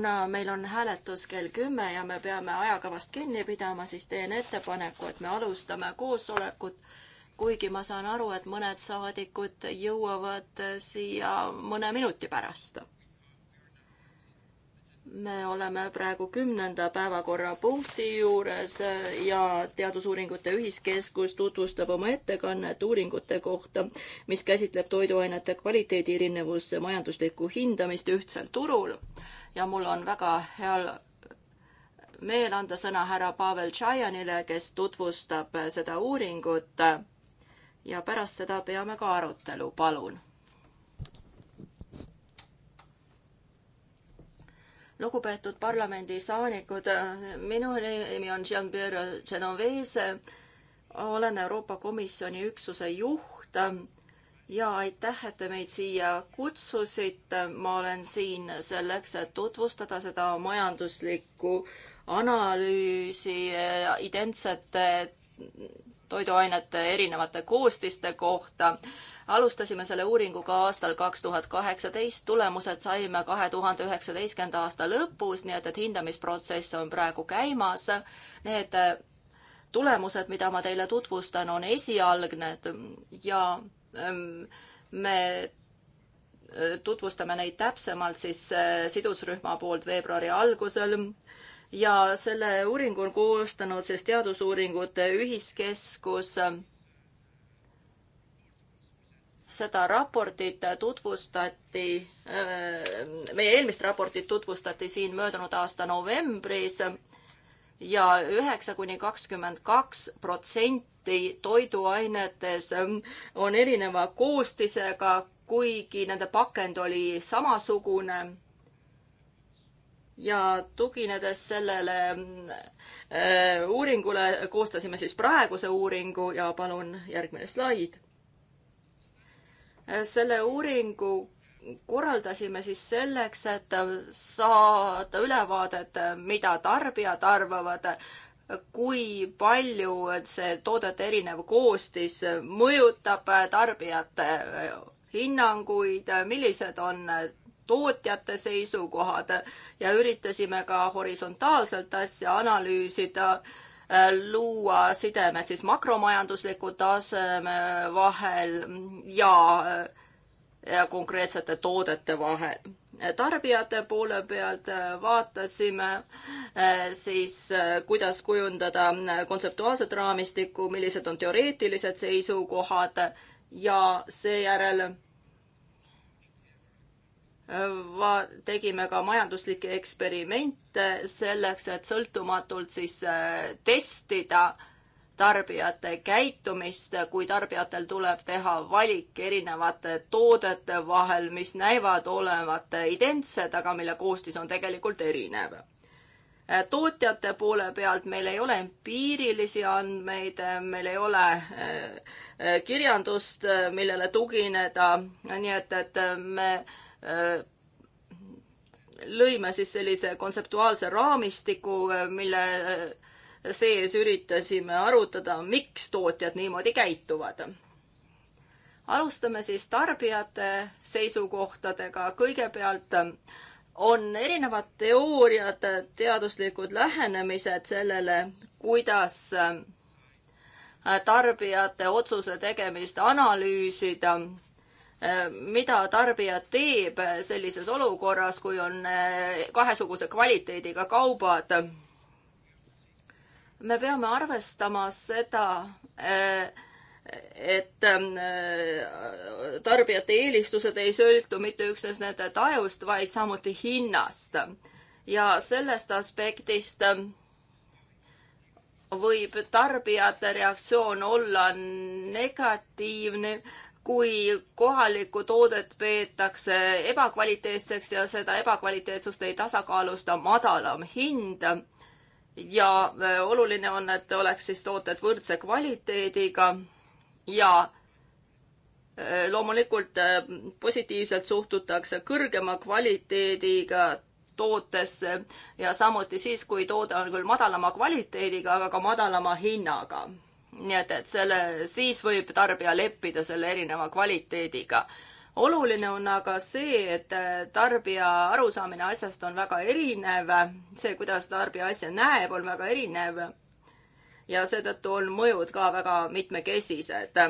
kuna meil on hääletus kell kümme ja me peame ajakavast kinni pidama, siis teen ettepaneku, et me alustame koosolekut, kuigi ma saan aru, et mõned saadikud jõuavad siia mõne minuti pärast me oleme praegu kümnenda päevakorrapunkti juures ja Teadusuuringute Ühiskeskus tutvustab oma ettekannet uuringute kohta, mis käsitleb toiduainete kvaliteedi erinevuse majanduslikku hindamist ühtsel turul. ja mul on väga heal meel anda sõna härra Pavel Tšaianile, kes tutvustab seda uuringut. ja pärast seda peame ka arutelu, palun lugupeetud parlamendisaanikud, minu nimi on Jean-Pierre Genovese, olen Euroopa Komisjoni üksuse juht ja aitäh, et te meid siia kutsusite. ma olen siin selleks, et tutvustada seda majanduslikku analüüsi identsete toiduainete erinevate koostiste kohta. alustasime selle uuringuga aastal kaks tuhat kaheksateist, tulemused saime kahe tuhande üheksateistkümnenda aasta lõpus, nii et, et hindamisprotsess on praegu käimas. Need tulemused, mida ma teile tutvustan, on esialgned ja ähm, me äh, tutvustame neid täpsemalt siis äh, sidusrühma poolt veebruari algusel ja selle uuringu on koostanud siis Teadusuuringute Ühiskeskus. seda raportit tutvustati, äh, meie eelmist raportit tutvustati siin möödunud aasta novembris ja üheksa kuni kakskümmend kaks protsenti toiduainetes on erineva koostisega, kuigi nende pakend oli samasugune ja tuginedes sellele äh, uuringule koostasime siis praeguse uuringu ja palun järgmine slaid. Äh, selle uuringu korraldasime siis selleks, et saada ülevaadet, mida tarbijad arvavad, kui palju see toodete erinev koostis mõjutab tarbijate hinnanguid, millised on tootjate seisukohad ja üritasime ka horisontaalselt asja analüüsida äh, luua sidemed siis makromajandusliku taseme vahel ja, äh, ja konkreetsete toodete vahel. tarbijate poole pealt äh, vaatasime siis, kuidas kujundada kontseptuaalset raamistikku, millised on teoreetilised seisukohad ja seejärel va-, tegime ka majanduslikke eksperimente selleks, et sõltumatult siis äh, testida tarbijate käitumist, kui tarbijatel tuleb teha valik erinevate toodete vahel, mis näivad olevat identsed, aga mille koostis on tegelikult erinev. Äh, tootjate poole pealt meil ei ole empiirilisi andmeid, äh, meil ei ole kirjandust, millele tugineda, nii et, et me Äh, lõime siis sellise kontseptuaalse raamistiku, äh, mille äh, sees üritasime arutada, miks tootjad niimoodi käituvad. alustame siis tarbijate seisukohtadega. kõigepealt on erinevad teooriad, teaduslikud lähenemised sellele, kuidas tarbijate otsuse tegemist analüüsida Äh, mida tarbija teeb sellises olukorras, kui on äh, kahesuguse kvaliteediga kaubad. me peame arvestama seda, äh, et ähm, tarbijate eelistused ei sõltu mitte üksnes nende tajust, vaid samuti hinnast. ja sellest aspektist ähm, võib tarbijate reaktsioon olla negatiivne kui kohalikku toodet peetakse ebakvaliteetseks ja seda ebakvaliteetsust ei tasakaalusta madalam hind. ja äh, oluline on, et oleks siis tooted võrdse kvaliteediga ja äh, loomulikult äh, positiivselt suhtutakse kõrgema kvaliteediga tootesse ja samuti siis, kui toode on küll madalama kvaliteediga, aga ka madalama hinnaga nii et, et selle, siis võib tarbija leppida selle erineva kvaliteediga. oluline on aga see, et äh, tarbija arusaamine asjast on väga erinev, see, kuidas tarbija asja näeb, on väga erinev ja seetõttu on mõjud ka väga mitmekesised.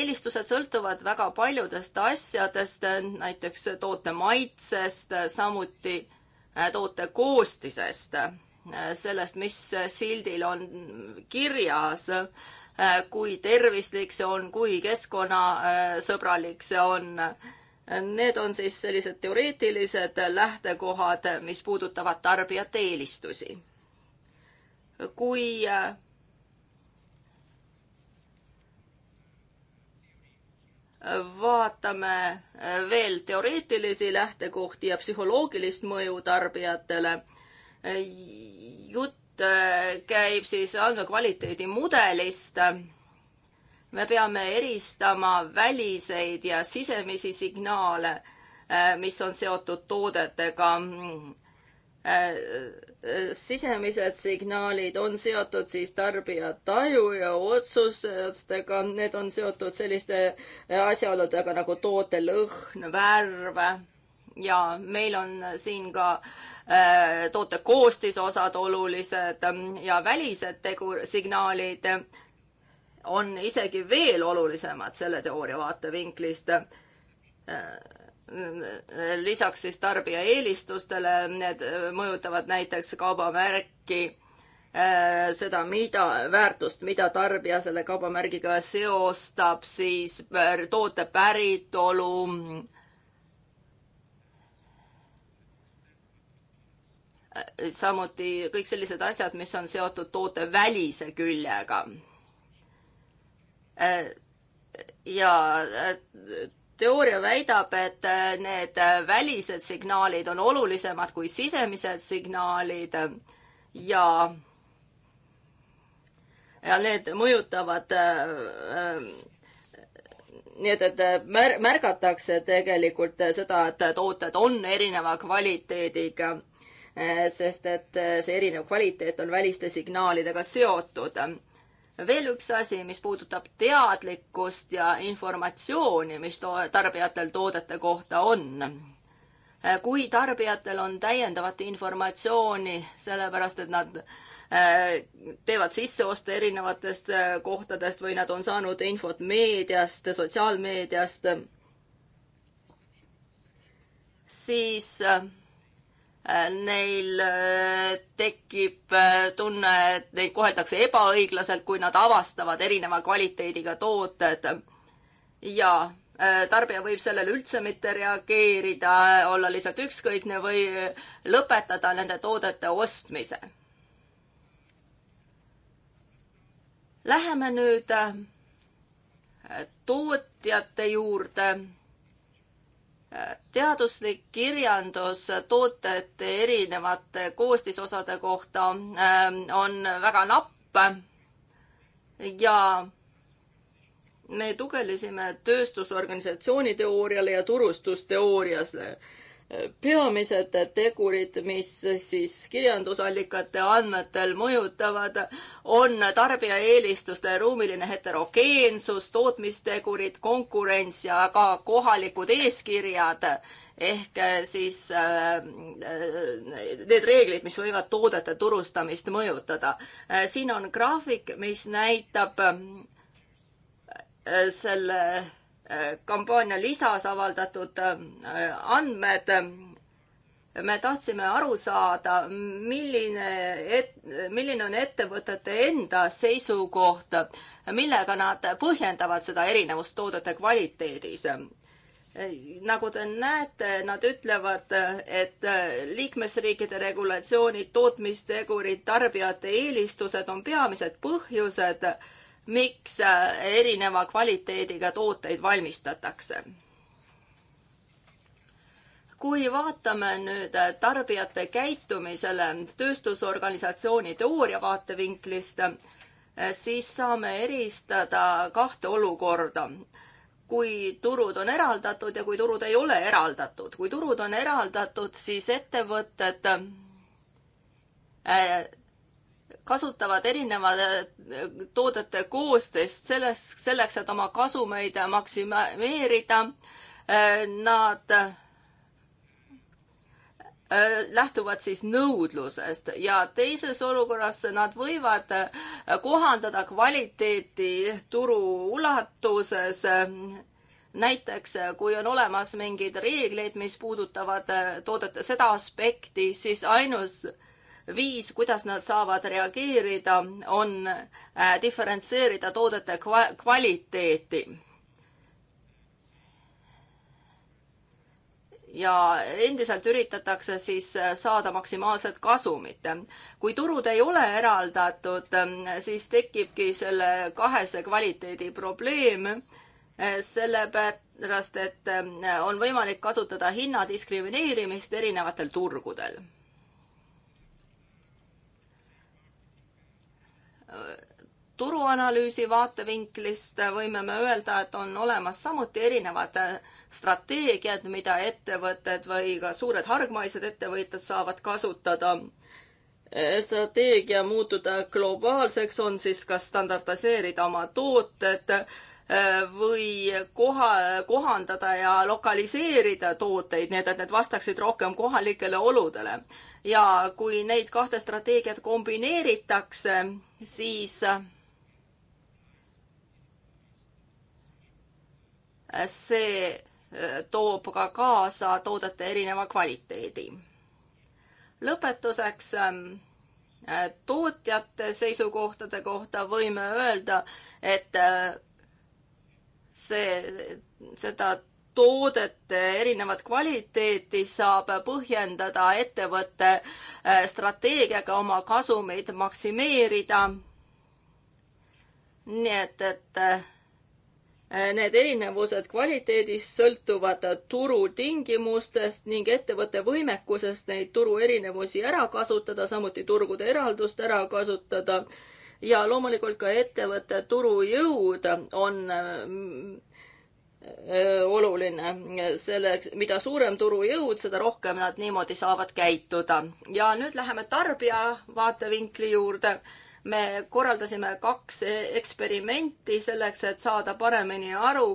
eelistused sõltuvad väga paljudest asjadest, näiteks toote maitsest, samuti äh, toote koostisest sellest, mis sildil on kirjas, äh, kui tervislik see on, kui keskkonnasõbralik see on. Need on siis sellised teoreetilised lähtekohad, mis puudutavad tarbijate eelistusi. kui äh, vaatame äh, veel teoreetilisi lähtekohti ja psühholoogilist mõju tarbijatele jutt äh, käib siis andmekvaliteedi mudelist. me peame eristama väliseid ja sisemisi signaale, äh, mis on seotud toodetega äh, sisemised signaalid on seotud siis tarbija taju ja otsustega, need on seotud selliste asjaoludega nagu toote lõhn, värv ja meil on siin ka äh, toote koostisosad olulised ähm, ja välised tegur-, signaalid on isegi veel olulisemad selle teooria vaatevinklist. Äh, lisaks siis tarbija eelistustele, need äh, mõjutavad näiteks kaubamärki, seda, mida, väärtust, mida tarbija selle kaubamärgiga seostab, siis toote päritolu samuti kõik sellised asjad, mis on seotud toote välise küljega. ja äh, teooria väidab, et äh, need välised signaalid on olulisemad kui sisemised signaalid ja ja need mõjutavad äh, äh nii et, et mär-, märgatakse tegelikult seda, et tooted on erineva kvaliteediga Äh, sest et äh, see erinev kvaliteet on väliste signaalidega seotud. veel üks asi, mis puudutab teadlikkust ja informatsiooni, mis to-, tarbijatel toodete kohta on äh, kui tarbijatel on täiendavat informatsiooni, sellepärast et nad teevad sisseoste erinevatest kohtadest või nad on saanud infot meediast, sotsiaalmeediast, siis neil äh, tekib äh, tunne, et neid koheldakse ebaõiglaselt, kui nad avastavad erineva kvaliteediga tooted. ja äh, tarbija võib sellele üldse mitte reageerida, olla lihtsalt ükskõikne või lõpetada nende toodete ostmise. Läheme nüüd tootjate juurde teaduslik kirjandus tootete erinevate koostisosade kohta ähm, on väga napp ja me tuginesime tööstusorganisatsiooni teooriale ja turustusteooriale peamised tegurid, mis siis kirjandusallikate andmetel mõjutavad, on tarbija eelistuste ruumiline heterogeensus, tootmistegurid, konkurents ja ka kohalikud eeskirjad ehk äh, siis äh, need reeglid, mis võivad toodete turustamist mõjutada. Äh, siin on graafik, mis näitab selle kampaania lisas avaldatud äh, andmed. me tahtsime aru saada, milline, milline on ettevõtete enda seisukoht, millega nad põhjendavad seda erinevust toodete kvaliteedis nagu te näete, nad ütlevad, et liikmesriikide regulatsioonid, tootmistegurid, tarbijate eelistused on peamised põhjused äh, miks äh, erineva kvaliteediga tooteid valmistatakse. kui vaatame nüüd äh, tarbijate käitumisele tööstusorganisatsiooni teooria vaatevinklist, äh, siis saame eristada kahte olukorda kui turud on eraldatud ja kui turud ei ole eraldatud. kui turud on eraldatud, siis ettevõtted kasutavad erinevate äh, toodete koostist selles, selleks, et oma kasumeid maksimeerida. Äh, nad äh, lähtuvad siis nõudlusest ja teises olukorras nad võivad kohandada kvaliteeti turu ulatuses. näiteks kui on olemas mingid reegleid, mis puudutavad toodete seda aspekti, siis ainus äh, viis, kuidas nad saavad reageerida, on äh, diferentseerida toodete kvaliteeti. ja endiselt üritatakse siis äh, saada maksimaalset kasumit. kui turud ei ole eraldatud, äh, siis tekibki selle kahese kvaliteedi probleem sellepärast, et on võimalik kasutada hinnadiskrimineerimist erinevatel turgudel turuanalüüsi vaatevinklist võime me öelda, et on olemas samuti erinevad strateegiad, mida ettevõtted või ka suured hargmaised ettevõtjad saavad kasutada. strateegia muutuda globaalseks on siis kas standardiseerida oma tooted äh, või koha, kohandada ja lokaliseerida tooteid, nii et, et need vastaksid rohkem kohalikele oludele. ja kui neid kahte strateegiat kombineeritakse, siis äh, see äh, toob ka kaasa toodete erineva kvaliteedi. lõpetuseks ähm, äh, tootjate seisukohtade kohta võime öelda, et see, seda toodete erinevat kvaliteeti saab põhjendada ettevõtte äh, strateegiaga oma kasumeid maksimeerida. nii et, et äh, need erinevused kvaliteedis sõltuvad turutingimustest ning ettevõtte võimekusest neid turu erinevusi ära kasutada, samuti turgude eraldust ära kasutada ja loomulikult ka ettevõtte turujõud on äh, Äh, oluline, selleks, mida suurem turujõud, seda rohkem nad niimoodi saavad käituda. ja nüüd läheme tarbija vaatevinkli juurde. me korraldasime kaks eksperimenti selleks, et saada paremini aru,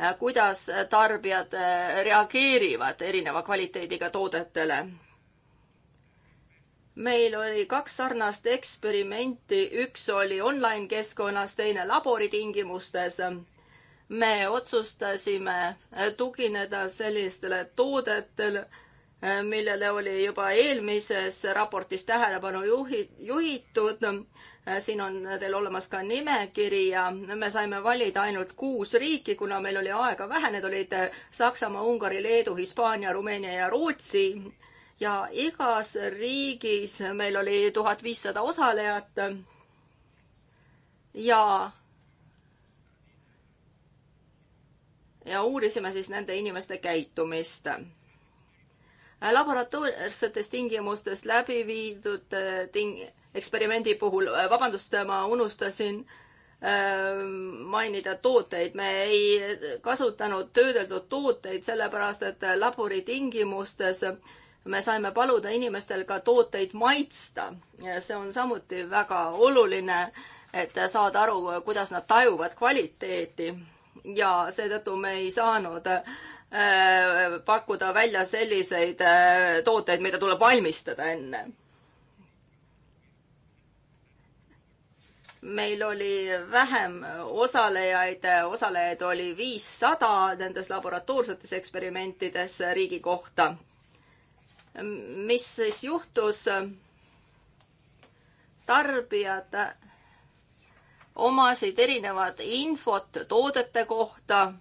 äh, kuidas tarbijad äh, reageerivad erineva kvaliteediga toodetele meil oli kaks sarnast eksperimenti, üks oli online keskkonnas, teine laboritingimustes me otsustasime tugineda sellistele toodetele, millele oli juba eelmises raportis tähelepanu juhi, juhitud. siin on teil olemas ka nimekiri ja me saime valida ainult kuus riiki, kuna meil oli aega vähe, need olid Saksamaa, Ungari, Leedu, Hispaania, Rumeenia ja Rootsi. ja igas riigis meil oli tuhat viissada osalejat. ja ja uurisime siis nende inimeste käitumist. laboratoorsetes tingimustes läbi viidud äh, ting-, eksperimendi puhul, äh, vabandust, ma unustasin ähm, mainida tooteid, me ei kasutanud töödeldud tooteid, sellepärast et äh, labori tingimustes me saime paluda inimestel ka tooteid maitsta. see on samuti väga oluline, et saada aru, kuidas nad tajuvad kvaliteeti ja seetõttu me ei saanud äh, pakkuda välja selliseid äh, tooteid, mida tuleb valmistada enne meil oli vähem osalejaid, osalejaid oli viissada nendes laboratoorsetes eksperimentides riigi kohta. mis siis juhtus? tarbijad omasid erinevat infot toodete kohta,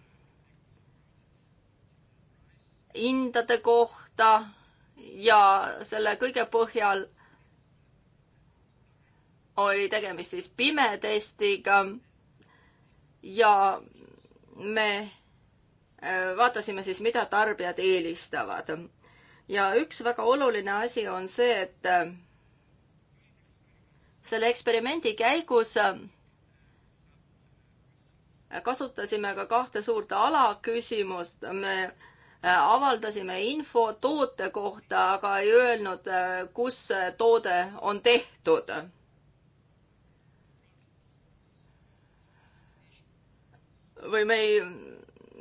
hindade kohta ja selle kõige põhjal oli tegemist siis pimetestiga ja me äh, vaatasime siis, mida tarbijad eelistavad. ja üks väga oluline asi on see, et äh, selle eksperimendi käigus äh, kasutasime ka kahte suurt alaküsimust, me äh, avaldasime info toote kohta, aga ei öelnud, äh, kus toode on tehtud või me ei,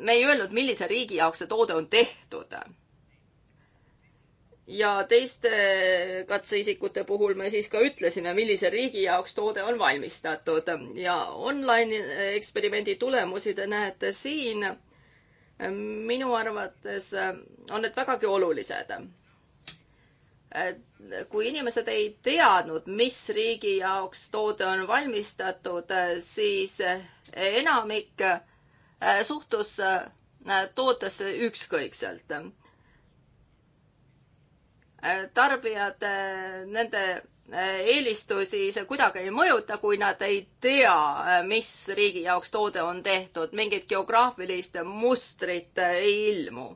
me ei öelnud, millise riigi jaoks see toode on tehtud ja teiste katseisikute puhul me siis ka ütlesime, millise riigi jaoks toode on valmistatud ja online eksperimendi tulemusi te näete siin. minu arvates on need vägagi olulised kui inimesed ei teadnud, mis riigi jaoks toode on valmistatud, siis enamik suhtus tootesse ükskõikselt tarbijad, nende eh, eelistusi see kuidagi ei mõjuta, kui nad ei tea, eh, mis riigi jaoks toode on tehtud, mingit geograafilist mustrit eh, ei ilmu.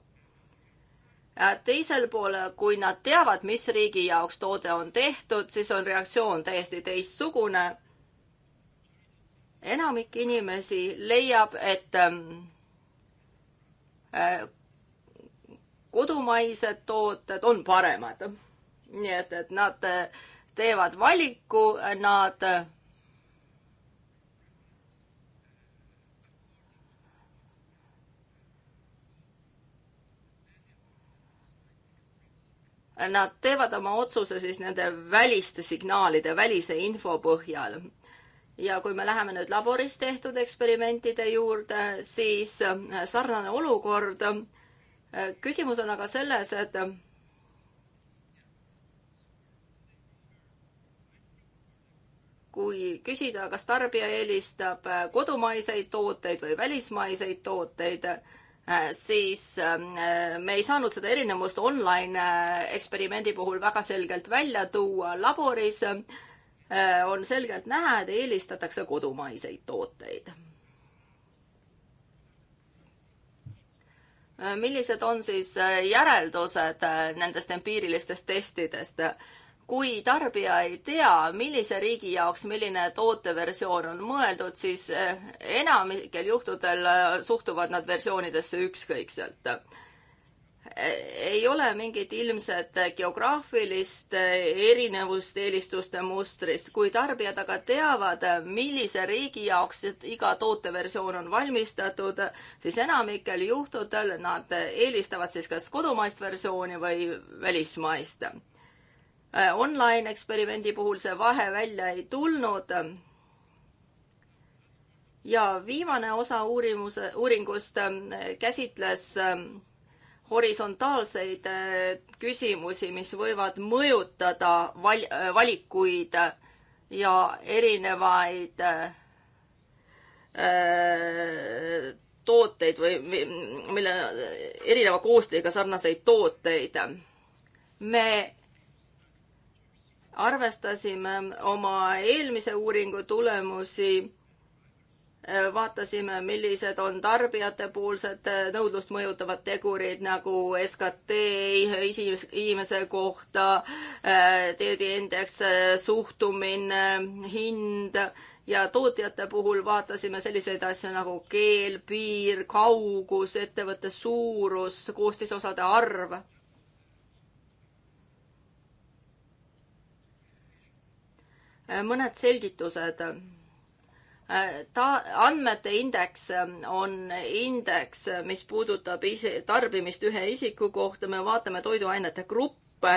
teisel pool, kui nad teavad, mis riigi jaoks toode on tehtud, siis on reaktsioon täiesti teistsugune. enamik inimesi leiab, et kodumaised tooted on paremad. nii et, et nad eh, teevad valiku, eh, nad eh, nad teevad oma otsuse siis nende väliste signaalide, välise info põhjal. ja kui me läheme nüüd laboris tehtud eksperimentide juurde, siis sarnane olukord äh, küsimus on aga selles, et kui küsida, kas tarbija eelistab kodumaiseid tooteid või välismaiseid tooteid, siis äh, me ei saanud seda erinevust online äh, eksperimendi puhul väga selgelt välja tuua. laboris äh, on selgelt näha, et eelistatakse kodumaiseid tooteid Äh, millised on siis äh, järeldused äh, nendest empiirilistest testidest? kui tarbija ei tea, millise riigi jaoks milline tooteversioon on mõeldud, siis enamikel juhtudel suhtuvad nad versioonidesse ükskõikselt ei ole mingit ilmset geograafilist erinevust eelistuste mustris, kui tarbijad aga teavad, millise riigi jaoks iga tooteversioon on valmistatud, siis enamikel juhtudel nad eelistavad siis kas kodumaist versiooni või välismaist. Online eksperimendi puhul see vahe välja ei tulnud ja viimane osa uurimuse, uuringust käsitles horisontaalseid äh, küsimusi, mis võivad mõjutada val-, äh, valikuid ja erinevaid äh, tooteid või mille, erineva koostööga sarnaseid tooteid. me arvestasime oma eelmise uuringu tulemusi Äh, vaatasime, millised on tarbijatepoolsed äh, nõudlust mõjutavad tegurid nagu SKT inimese kohta, äh, teediindeks, suhtumine, hind ja tootjate puhul vaatasime selliseid asju nagu keel, piir, kaugus, ettevõtte suurus, koostisosade arv. mõned selgitused ta-, andmete indeks ähm, on indeks, äh, mis puudutab ise, tarbimist ühe isiku kohta, me vaatame toiduainete gruppe.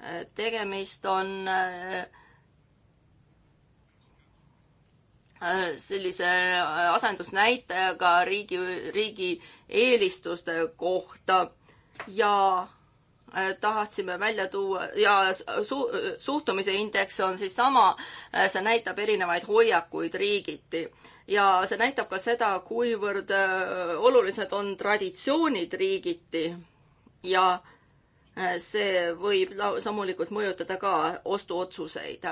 Äh, tegemist on äh, sellise asendusnäitajaga riigi, riigi eelistuste kohta ja Äh, tahtsime välja tuua ja su suhtumise indeks on siis sama, äh, see näitab erinevaid hoiakuid riigiti ja see näitab ka seda, kuivõrd äh, olulised on traditsioonid riigiti ja see võib samulikult mõjutada ka ostuotsuseid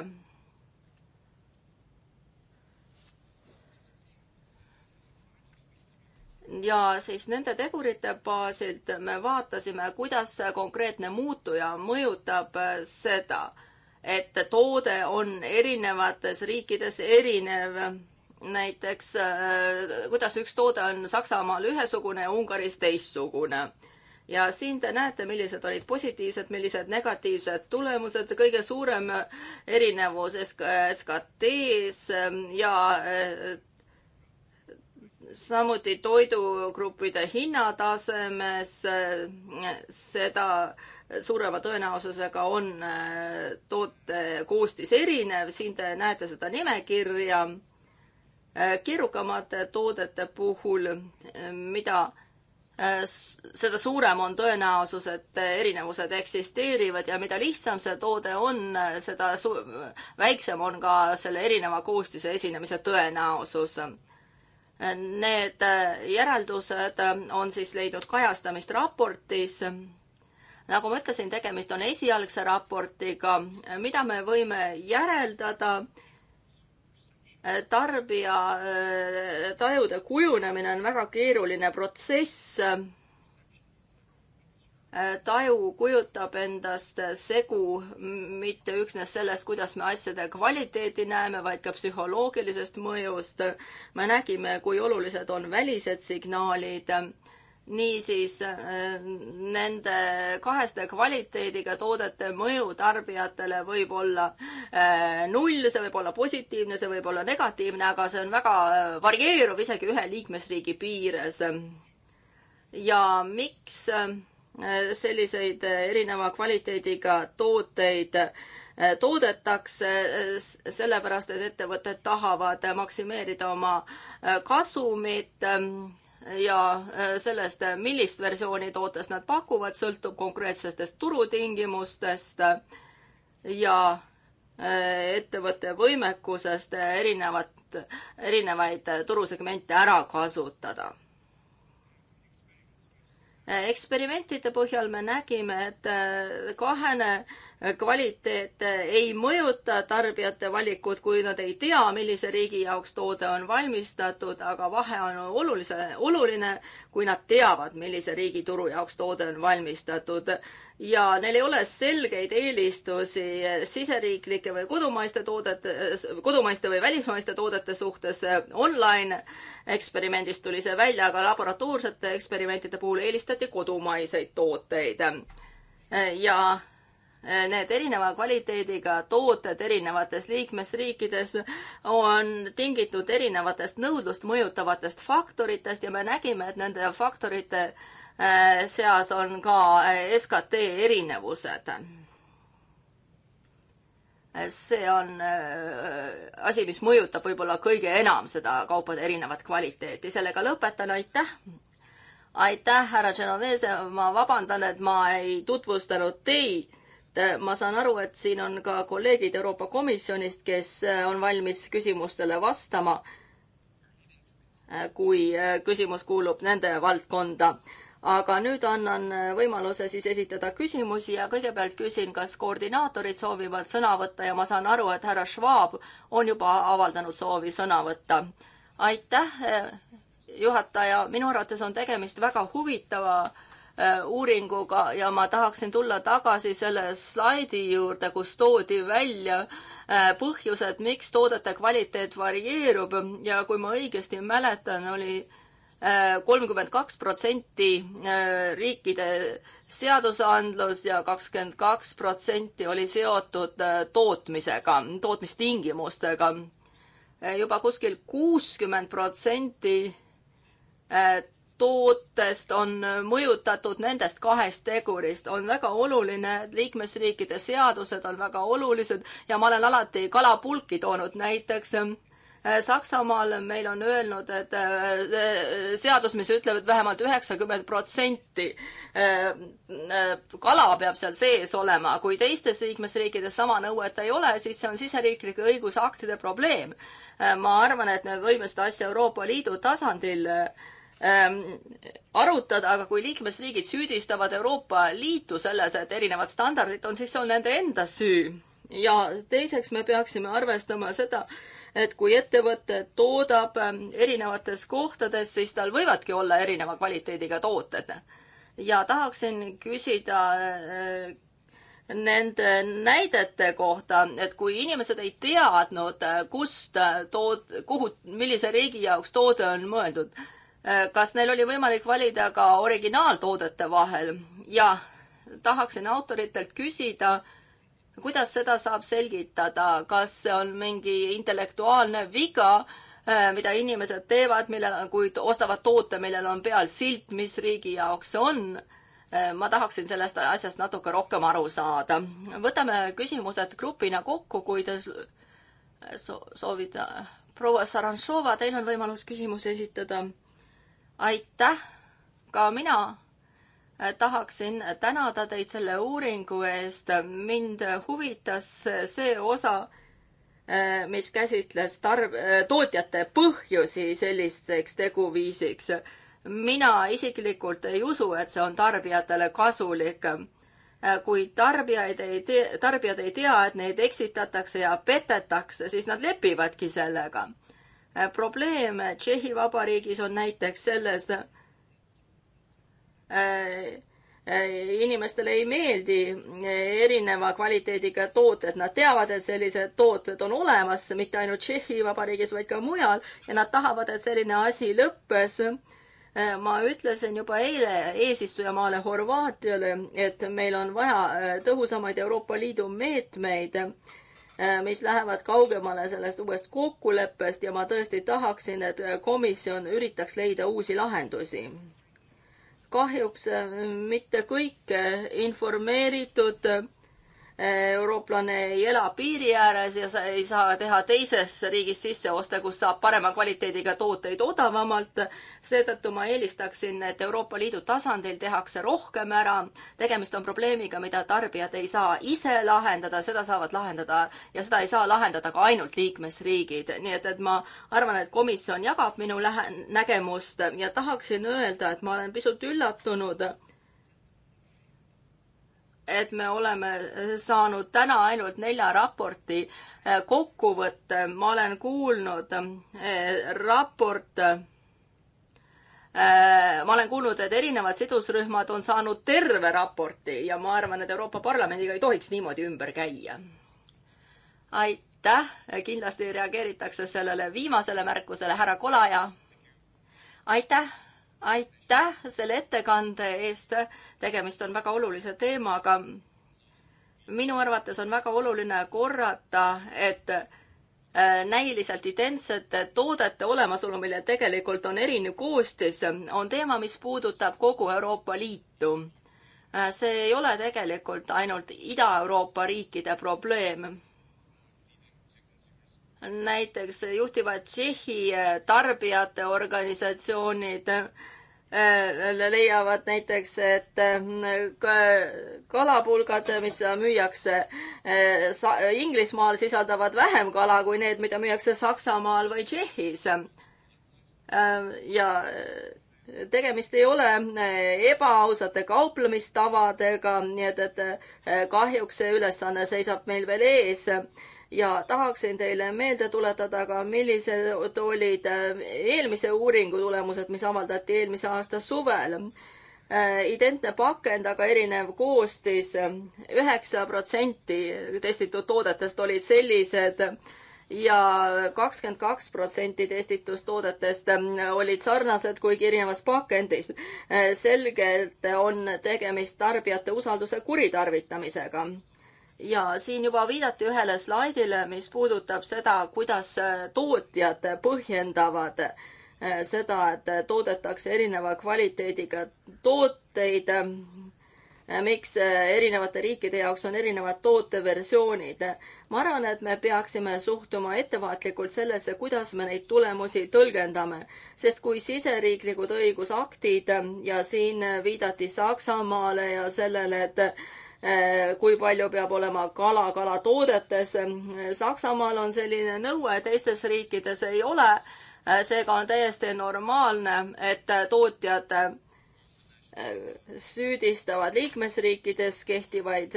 ja siis nende tegurite baasilt me vaatasime, kuidas konkreetne muutuja mõjutab seda, et toode on erinevates riikides erinev. näiteks äh, kuidas üks toode on Saksamaal ühesugune ja Ungaris teistsugune. ja siin te näete, millised olid positiivsed, millised negatiivsed tulemused, kõige suurem erinevus SKT-s äh, ja äh, samuti toidugruppide hinnatasemes, seda suurema tõenäosusega on äh, toote koostis erinev, siin te näete seda nimekirja. Äh, keerukamate toodete puhul, äh, mida seda suurem on tõenäosus, et erinevused eksisteerivad ja mida lihtsam see toode on, seda väiksem on ka selle erineva koostise esinemise tõenäosus Need äh, järeldused äh, on siis leidnud kajastamist raportis. nagu ma ütlesin, tegemist on esialgse raportiga, mida me võime järeldada tarbija äh, tajude kujunemine on väga keeruline protsess Äh, taju kujutab endast segu mitte üksnes sellest, kuidas me asjade kvaliteeti näeme, vaid ka psühholoogilisest mõjust. me nägime, kui olulised on välised signaalid. niisiis äh, nende kaheste kvaliteediga toodete mõju tarbijatele võib olla äh, null, see võib olla positiivne, see võib olla negatiivne, aga see on väga varieeruv isegi ühe liikmesriigi piires. ja miks selliseid eh, erineva kvaliteediga tooteid eh, toodetakse, eh, sellepärast et ettevõtted tahavad maksimeerida oma kasumit ja sellest, millist versiooni tootest nad pakuvad, sõltub konkreetsetest turutingimustest ja ettevõtte võimekusest erinevat, erinevaid turusegmente ära kasutada eksperimentide põhjal me nägime, et äh, kahene kvaliteet ei mõjuta tarbijate valikut, kui nad ei tea, millise riigi jaoks toode on valmistatud, aga vahe on olulise, oluline, kui nad teavad, millise riigi turu jaoks toode on valmistatud ja neil ei ole selgeid eelistusi siseriiklike või kodumaiste toodete, kodumaiste või välismaiste toodete suhtes. Online eksperimendist tuli see välja, aga laboratoorsete eksperimentide puhul eelistati kodumaiseid tooteid. ja Eh, need erineva kvaliteediga tooted erinevates liikmesriikides on tingitud erinevatest nõudlust mõjutavatest faktoritest ja me nägime, et nende faktorite eh, seas on ka eh, SKT erinevused. see on asi, mis mõjutab võib-olla kõige enam seda kaupade erinevat kvaliteeti. sellega lõpetan, aitäh! aitäh, härra Genovese, ma vabandan, et ma ei tutvustanud teid Äh, ma saan aru, et siin on ka kolleegid Euroopa Komisjonist, kes äh, on valmis küsimustele vastama, äh, kui küsimus kuulub nende valdkonda. aga nüüd annan võimaluse siis esitada küsimusi ja kõigepealt küsin, kas koordinaatorid soovivad sõna võtta ja ma saan aru, et härra Schwab on juba avaldanud soovi sõna võtta. aitäh, juhataja, minu arvates on tegemist väga huvitava Äh, uuringuga ja ma tahaksin tulla tagasi selle slaidi juurde, kus toodi välja äh, põhjused, miks toodete kvaliteet varieerub ja kui ma õigesti mäletan, oli äh, kolmkümmend kaks protsenti riikide seadusandlus ja kakskümmend kaks protsenti oli seotud tootmisega, tootmistingimustega. juba kuskil kuuskümmend protsenti tootest on mõjutatud nendest kahest tegurist, on väga oluline, liikmesriikide seadused on väga olulised ja ma olen alati kalapulki toonud, näiteks äh, Saksamaal meil on öelnud, et äh, seadus, mis ütleb, et vähemalt üheksakümmend protsenti äh, kala peab seal sees olema, kui teistes liikmesriikides sama nõuet ei ole, siis see on siseriiklike õigusaktide probleem. ma arvan, et me võime seda asja Euroopa Liidu tasandil Ähm, arutada, aga kui liikmesriigid süüdistavad Euroopa Liitu selles, et erinevad standardid on, siis see on nende enda süü. ja teiseks me peaksime arvestama seda, et kui ettevõte toodab ähm, erinevates kohtades, siis tal võivadki olla erineva kvaliteediga tooted. ja tahaksin küsida äh, nende näidete kohta, et kui inimesed ei teadnud, äh, kust äh, tood-, kuhu, millise riigi jaoks toode on mõeldud Äh, kas neil oli võimalik valida ka originaaltoodete vahel ja tahaksin autoritelt küsida, kuidas seda saab selgitada, kas see on mingi intellektuaalne viga, äh, mida inimesed teevad, millel, kuid ostavad toote, millel on peal silt, mis riigi jaoks see on. Äh, ma tahaksin sellest asjast natuke rohkem aru saada. võtame küsimused grupina kokku, kui te soovite. proua Sarantšova, teil on võimalus küsimusi esitada aitäh, ka mina äh, tahaksin tänada teid selle uuringu eest. mind huvitas äh, see osa, äh, mis käsitles tarb-, tootjate põhjusi sellisteks teguviisiks. mina isiklikult ei usu, et see on tarbijatele kasulik. kui tarbijaid ei tee, tarbijad ei tea, et neid eksitatakse ja petetakse, siis nad lepivadki sellega Äh, probleem Tšehhi Vabariigis on näiteks selles, äh, äh, inimestele ei meeldi erineva kvaliteediga tooted, nad teavad, et sellised tooted on olemas mitte ainult Tšehhi Vabariigis, vaid ka mujal ja nad tahavad, et selline asi lõppes. ma ütlesin juba eile eesistujamaale Horvaatiale, et meil on vaja tõhusamaid Euroopa Liidu meetmeid Äh, mis lähevad kaugemale sellest uuest kokkuleppest ja ma tõesti tahaksin, et komisjon üritaks leida uusi lahendusi. kahjuks äh, mitte kõik äh, informeeritud eurooplane ei ela piiri ääres ja sa ei saa teha teises riigis sisseoste, kus saab parema kvaliteediga tooteid odavamalt. seetõttu ma eelistaksin, et Euroopa Liidu tasandil tehakse rohkem ära. tegemist on probleemiga, mida tarbijad ei saa ise lahendada, seda saavad lahendada ja seda ei saa lahendada ka ainult liikmesriigid. nii et, et ma arvan, et komisjon jagab minu lähe-, nägemust ja tahaksin öelda, et ma olen pisut üllatunud et me oleme saanud täna ainult nelja raporti eh, kokkuvõtte. ma olen kuulnud eh, raport, eh, ma olen kuulnud, et erinevad sidusrühmad on saanud terve raporti ja ma arvan, et Euroopa Parlamendiga ei tohiks niimoodi ümber käia. aitäh, kindlasti reageeritakse sellele viimasele märkusele, härra Kolaja. aitäh aitäh selle ettekande eest, tegemist on väga olulise teemaga. minu arvates on väga oluline korrata, et äh, näiliselt identsete toodete olemasolu, millel tegelikult on erinev koostis, on teema, mis puudutab kogu Euroopa Liitu. Äh, see ei ole tegelikult ainult Ida-Euroopa riikide probleem näiteks juhtivad Tšehhi äh, tarbijate organisatsioonid äh, leiavad näiteks, et äh, kalapulgad, mis müüakse Inglismaal, sisaldavad vähem kala kui need, mida müüakse Saksamaal või Tšehhis. Ähm, ja tegemist ei ole ebaausate kauplemistavadega, nii et, et kahjuks see ülesanne seisab meil veel ees ja tahaksin teile meelde tuletada ka, millised olid äh, eelmise uuringu tulemused, mis avaldati eelmise aasta suvel. Äh, identne pakend, aga erinev koostis. Äh, üheksa protsenti testitud toodetest olid sellised ja kakskümmend kaks protsenti testitustoodetest olid sarnased, kuigi erinevas pakendis. selgelt on tegemist tarbijate usalduse kuritarvitamisega ja siin juba viidati ühele slaidile, mis puudutab seda, kuidas äh, tootjad põhjendavad äh, seda, et toodetakse erineva kvaliteediga tooteid, äh, miks erinevate riikide jaoks on erinevad tooteversioonid. ma arvan, et me peaksime suhtuma ettevaatlikult sellesse, kuidas me neid tulemusi tõlgendame, sest kui siseriiklikud õigusaktid ja siin viidati Saksamaale ja sellele, et Äh, kui palju peab olema kala kalatoodetes. Saksamaal on selline nõue, teistes riikides ei ole. Äh, seega on täiesti normaalne, et tootjad äh, süüdistavad liikmesriikides kehtivaid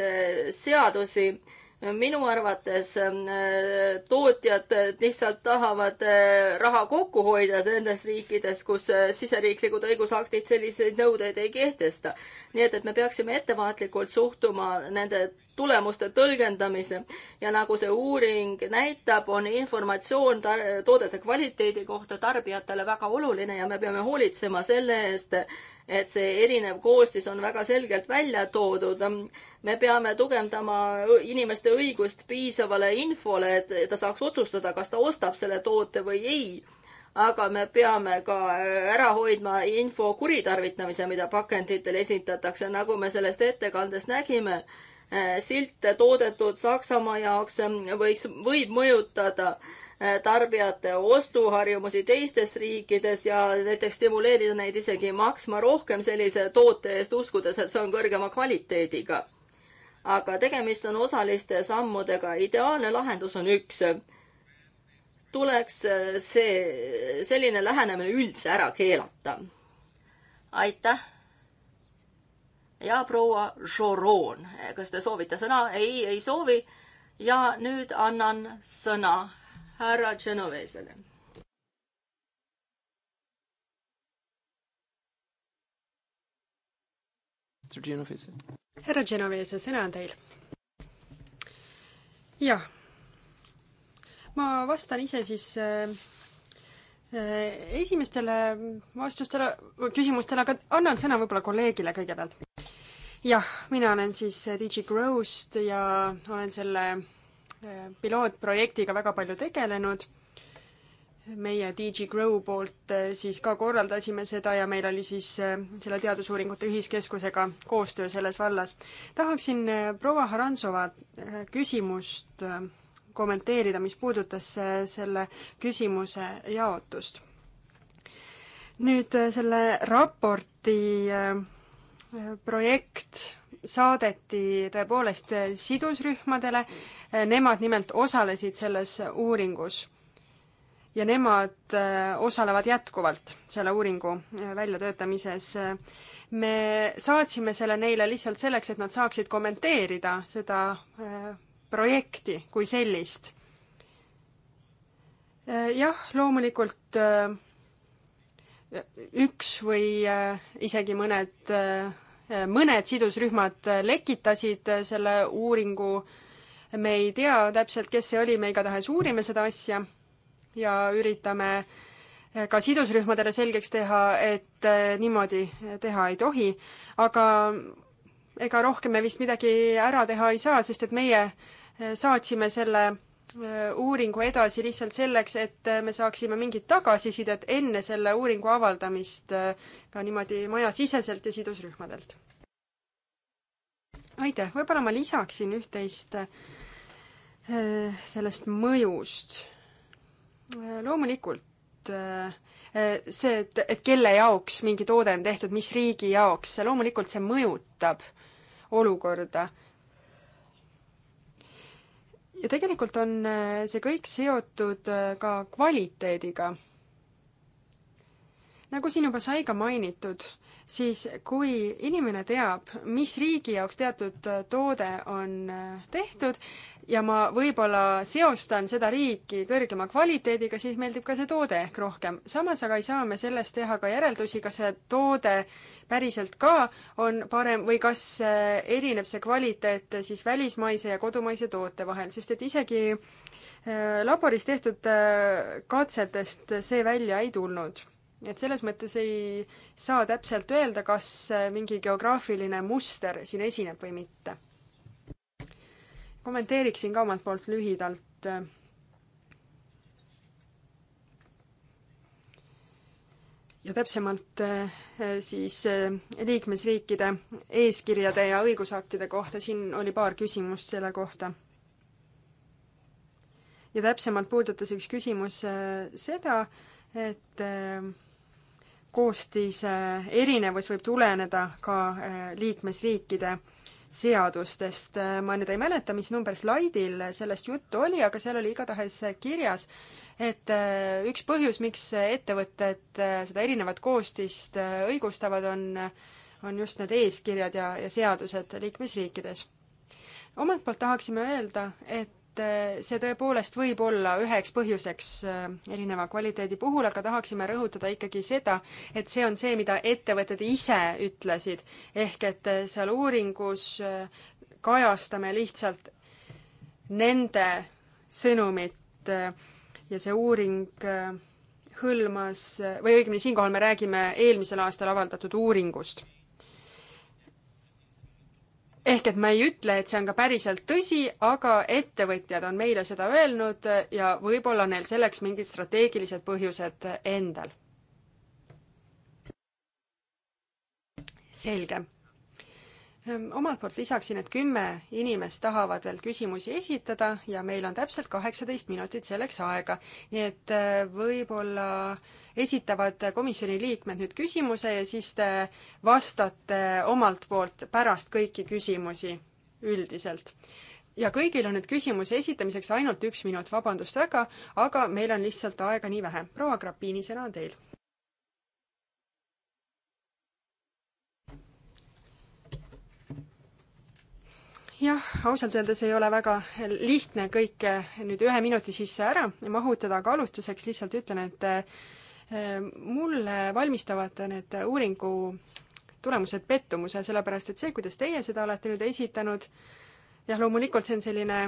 seadusi minu arvates ähm, tootjad lihtsalt tahavad äh, raha kokku hoida nendes riikides, kus äh, siseriiklikud õigusaktid selliseid nõudeid ei kehtesta. nii et, et me peaksime ettevaatlikult suhtuma nende tulemuste tõlgendamise ja nagu see uuring näitab, on informatsioon toodete kvaliteedi kohta tarbijatele väga oluline ja me peame hoolitsema selle eest, et see erinev koostis on väga selgelt välja toodud. me peame tugevdama inimeste õigust piisavale infole, et ta saaks otsustada, kas ta ostab selle toote või ei aga me peame ka äh, ära hoidma info kuritarvitamise, mida pakenditel esitatakse, nagu me sellest ettekandest nägime Eh, silt toodetud Saksamaa jaoks eh, võiks, võib mõjutada eh, tarbijate ostuharjumusi teistes riikides ja näiteks stimuleerida neid isegi maksma rohkem sellise toote eest, uskudes, et see on kõrgema kvaliteediga. aga tegemist on osaliste sammudega, ideaalne lahendus on üks. tuleks see, selline lähenemine üldse ära keelata. aitäh ja proua Joron. kas te soovite sõna? ei, ei soovi. ja nüüd annan sõna härra Genovesele. härra Genovese, sõna on teil. jah. ma vastan ise siis äh, Äh, esimestele vastustele, küsimustele, aga annan sõna võib-olla kolleegile kõigepealt. jah, mina olen siis DJ Growst ja olen selle äh, pilootprojektiga väga palju tegelenud. meie DJ Grow poolt äh, siis ka korraldasime seda ja meil oli siis selle teadusuuringute ühiskeskusega koostöö selles vallas. tahaksin proua Haransova küsimust kommenteerida, mis puudutas äh, selle küsimuse jaotust. nüüd äh, selle raporti äh, projekt saadeti tõepoolest sidusrühmadele, nemad nimelt osalesid selles uuringus. ja nemad osalevad jätkuvalt selle uuringu väljatöötamises. me saatsime selle neile lihtsalt selleks, et nad saaksid kommenteerida seda projekti kui sellist. Äh, jah, loomulikult äh, üks või äh, isegi mõned, mõned sidusrühmad lekitasid selle uuringu. me ei tea täpselt, kes see oli, me igatahes uurime seda asja ja üritame ka sidusrühmadele selgeks teha, et niimoodi teha ei tohi, aga ega rohkem me vist midagi ära teha ei saa, sest et meie saatsime selle äh, uuringu edasi lihtsalt selleks, et äh, me saaksime mingit tagasisidet enne selle uuringu avaldamist äh, ka niimoodi majasiseselt ja sidusrühmadelt. aitäh, võib-olla ma lisaksin üht-teist sellest mõjust. loomulikult see, et, et kelle jaoks mingi toode on tehtud, mis riigi jaoks, loomulikult see mõjutab olukorda ja tegelikult on äh, see kõik seotud äh, ka kvaliteediga. nagu siin juba sai ka mainitud siis kui inimene teab, mis riigi jaoks teatud äh, toode on äh, tehtud ja ma võib-olla seostan seda riiki kõrgema kvaliteediga, siis meeldib ka see toode ehk rohkem. samas aga ei saa me sellest teha ka järeldusi, kas see toode päriselt ka on parem või kas äh, erineb see kvaliteet siis välismaise ja kodumaise toote vahel, sest et isegi laboris tehtud katsetest see välja ei tulnud et selles mõttes ei saa täpselt öelda, kas äh, mingi geograafiline muster siin esineb või mitte. kommenteeriksin ka omalt poolt lühidalt. Äh. ja täpsemalt äh, siis liikmesriikide eeskirjade ja õigusaktide kohta, siin oli paar küsimust selle kohta. ja täpsemalt puudutas üks küsimus seda, et äh, koostise äh, erinevus võib tuleneda ka äh, liikmesriikide seadustest. Äh, ma nüüd ei mäleta, mis number slaidil sellest juttu oli, aga seal oli igatahes kirjas, et üks põhjus, miks ettevõtted seda erinevat koostist õigustavad, on, on just need eeskirjad ja, ja seadused liikmesriikides. omalt poolt tahaksime öelda, et Eh, see tõepoolest võib olla üheks põhjuseks eh, erineva kvaliteedi puhul, aga tahaksime rõhutada ikkagi seda, et see on see, mida ettevõtted ise ütlesid, ehk et eh, seal uuringus kajastame lihtsalt nende sõnumit ja see uuring hõlmas, või õigemini siinkohal me räägime eelmisel aastal avaldatud uuringust ehk et ma ei ütle, et see on ka päriselt tõsi, aga ettevõtjad on meile seda öelnud ja võib-olla neil selleks mingid strateegilised põhjused endal. selge. Ehm, omalt poolt lisaksin, et kümme inimest tahavad veel küsimusi esitada ja meil on täpselt kaheksateist minutit selleks aega, nii et eh, võib-olla äh, esitavad komisjoni liikmed nüüd küsimuse ja siis te vastate omalt poolt pärast kõiki küsimusi üldiselt. ja kõigil on nüüd küsimuse esitamiseks ainult üks minut, vabandust väga, aga meil on lihtsalt aega nii vähe. proua Grapini, sõna on teil. jah, ausalt öeldes ei ole väga lihtne kõike nüüd ühe minuti sisse ära mahutada, aga alustuseks lihtsalt ütlen, et Ehm, mulle valmistavad need uuringu tulemused pettumuse, sellepärast et see, kuidas teie seda olete nüüd esitanud, jah, loomulikult see on selline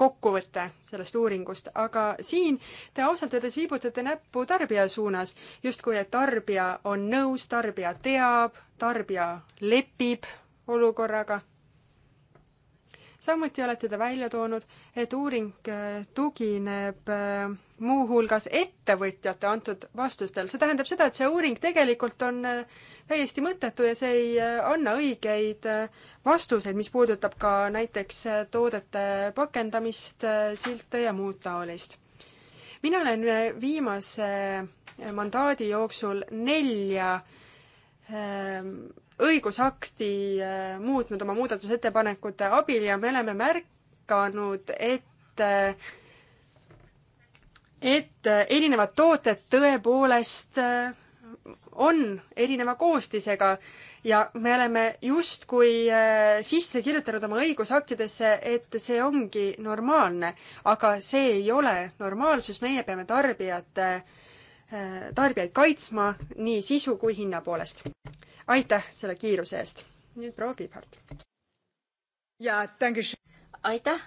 kokkuvõte sellest uuringust, aga siin te ausalt öeldes viibutate näppu tarbija suunas, justkui et tarbija on nõus, tarbija teab, tarbija lepib olukorraga. samuti olete te välja toonud, et uuring eh, tugineb eh, muuhulgas ettevõtjate antud vastustel. see tähendab seda, et see uuring tegelikult on äh, täiesti mõttetu ja see ei äh, anna õigeid äh, vastuseid, mis puudutab ka näiteks toodete pakendamist, silte ja muud taolist. mina olen viimase mandaadi jooksul nelja ähm, õigusakti muutnud oma muudatusettepanekute abil ja me oleme märganud, et et äh, erinevad tooted tõepoolest äh, on erineva koostisega ja me oleme justkui äh, sisse kirjutanud oma õigusaktidesse, et see ongi normaalne, aga see ei ole normaalsus, meie peame tarbijate, tarbijaid kaitsma nii sisu kui hinna poolest. aitäh selle kiiruse eest. nüüd proua Kiibhart. jaa, aitäh.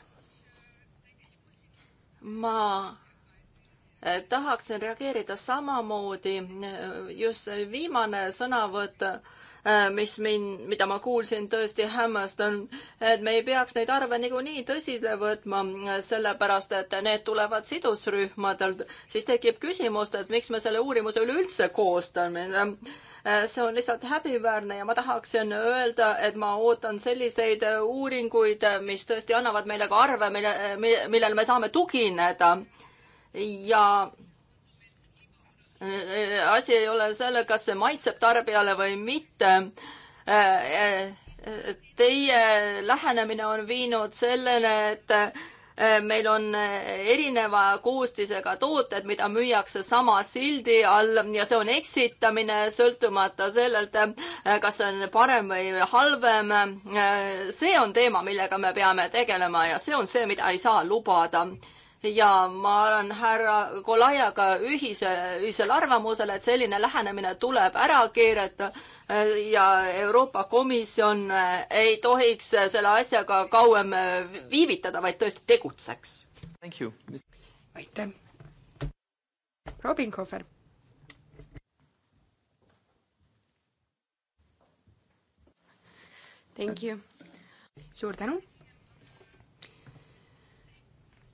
ma tahaksin reageerida samamoodi. just viimane sõnavõtt, äh, mis mind, mida ma kuulsin, tõesti hämmastan, et me ei peaks neid arve niikuinii tõsile võtma, sellepärast et need tulevad sidusrühmadelt. siis tekib küsimus, et miks me selle uurimuse üleüldse koostame äh, see on lihtsalt häbiväärne ja ma tahaksin öelda, et ma ootan selliseid uuringuid, mis tõesti annavad meile ka arve, mille, millel me saame tugineda ja äh, äh, asi ei ole selle, kas see maitseb tarbijale või mitte. Äh, teie lähenemine on viinud sellele, et meil on erineva koostisega tooted, mida müüakse sama sildi all ja see on eksitamine, sõltumata sellelt, kas see on parem või halvem. see on teema, millega me peame tegelema ja see on see, mida ei saa lubada ja ma olen härra Kolajaga ühise, ühisel arvamusel, et selline lähenemine tuleb ära keerata äh, ja Euroopa Komisjon äh, ei tohiks äh, selle asjaga kauem viivitada, vaid tõesti tegutseks. aitäh. Robin Kohver. Thank you. suur tänu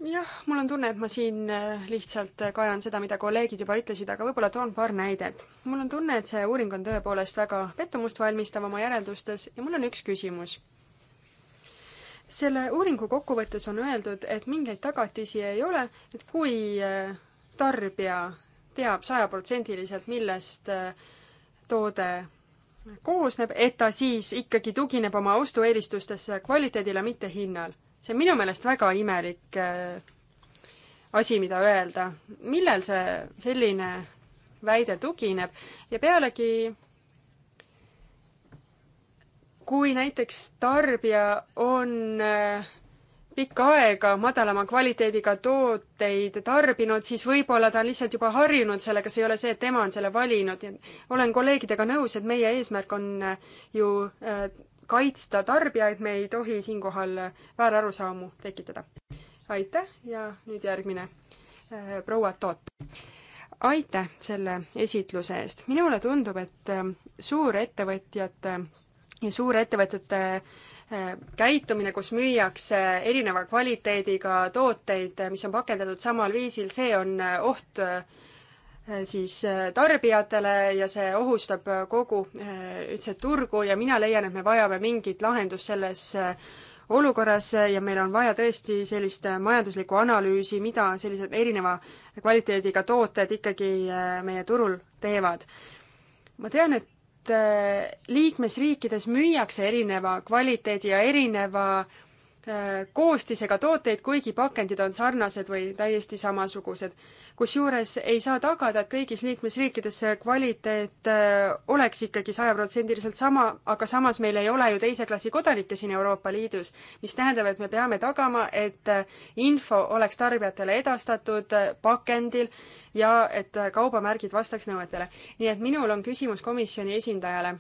jah, mul on tunne, et ma siin äh, lihtsalt äh, kajan seda, mida kolleegid juba ütlesid, aga võib-olla toon paar näidet. mul on tunne, et see uuring on tõepoolest väga pettumust valmistav oma järeldustes ja mul on üks küsimus selle uuringu kokkuvõttes on öeldud, et mingeid tagatisi ei ole, et kui äh, tarbija teab sajaprotsendiliselt, millest toode koosneb, et ta siis ikkagi tugineb oma ostueelistustesse kvaliteedile, mitte hinnal see on minu meelest väga imelik äh, asi, mida öelda. millel see selline väide tugineb ja pealegi kui näiteks tarbija on äh, pikka aega madalama kvaliteediga tooteid tarbinud, siis võib-olla ta on lihtsalt juba harjunud sellega, see ei ole see, et tema on selle valinud. olen kolleegidega nõus, et meie eesmärk on äh, ju kaitsta tarbijaid, me ei tohi siinkohal väärarusaamu tekitada. aitäh ja nüüd järgmine, äh, proua Toot. aitäh selle esitluse eest. minule tundub, et äh, suurettevõtjate ja suurettevõtete äh, käitumine, kus müüakse erineva kvaliteediga tooteid, mis on pakendatud samal viisil, see on oht Äh, siis äh, tarbijatele ja see ohustab äh, kogu üldse turgu ja mina leian, et me vajame mingit lahendust selles olukorras ja meil on vaja tõesti sellist majanduslikku analüüsi, mida sellised erineva kvaliteediga tooted ikkagi meie turul teevad. ma tean, et liikmesriikides müüakse erineva kvaliteedi ja erineva äh, Äh, koostisega tooteid, kuigi pakendid on sarnased või täiesti samasugused. kusjuures ei saa tagada, et kõigis liikmesriikides see kvaliteet äh, oleks ikkagi sajaprotsendiliselt sama, aga samas meil ei ole ju teise klassi kodanikke siin Euroopa Liidus, mis tähendab, et me peame tagama, et äh, info oleks tarbijatele edastatud pakendil ja et kaubamärgid vastaks nõuetele. nii et minul on küsimus komisjoni esindajale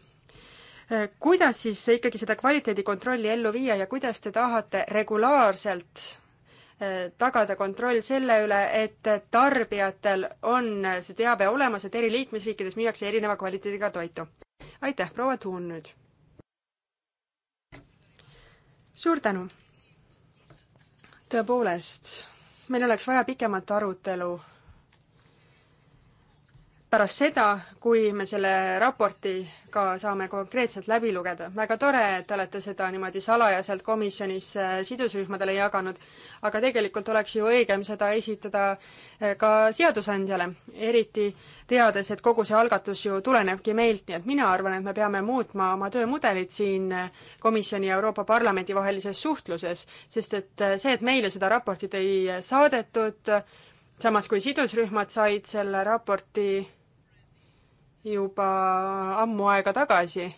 kuidas siis ikkagi seda kvaliteedikontrolli ellu viia ja kuidas te tahate regulaarselt eh, tagada kontroll selle üle, et tarbijatel on see teave olemas, et eri liikmesriikides müüakse erineva kvaliteediga toitu. aitäh, proua Tuun nüüd. suur tänu. tõepoolest, meil oleks vaja pikemat arutelu pärast seda, kui me selle raporti ka saame konkreetselt läbi lugeda. väga tore, et te olete seda niimoodi salajaselt komisjonis äh, sidusrühmadele jaganud, aga tegelikult oleks ju õigem seda esitada äh, ka seadusandjale, eriti teades, et kogu see algatus ju tulenebki meilt, nii et mina arvan, et me peame muutma oma töömudelit siin äh, komisjoni ja Euroopa Parlamendi vahelises suhtluses, sest et see, et meile seda raportit ei saadetud, samas kui sidusrühmad said selle raporti juba ammu aega tagasi.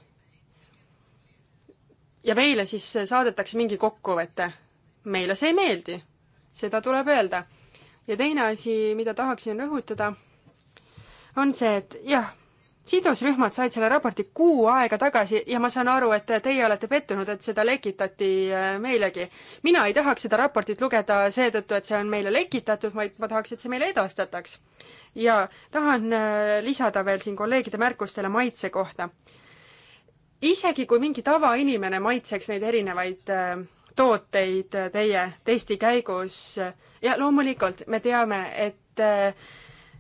ja meile siis saadetakse mingi kokkuvõte. meile see ei meeldi, seda tuleb öelda. ja teine asi, mida tahaksin rõhutada, on see, et jah sidusrühmad said selle raporti kuu aega tagasi ja ma saan aru, et teie olete pettunud, et seda lekitati äh, meilegi. mina ei tahaks seda raportit lugeda seetõttu, et see on meile lekitatud, vaid ma tahaks, et see meile edastataks. ja tahan äh, lisada veel siin kolleegide märkustele maitse kohta. isegi kui mingi tavainimene maitseks neid erinevaid äh, tooteid teie testi käigus ja loomulikult me teame, et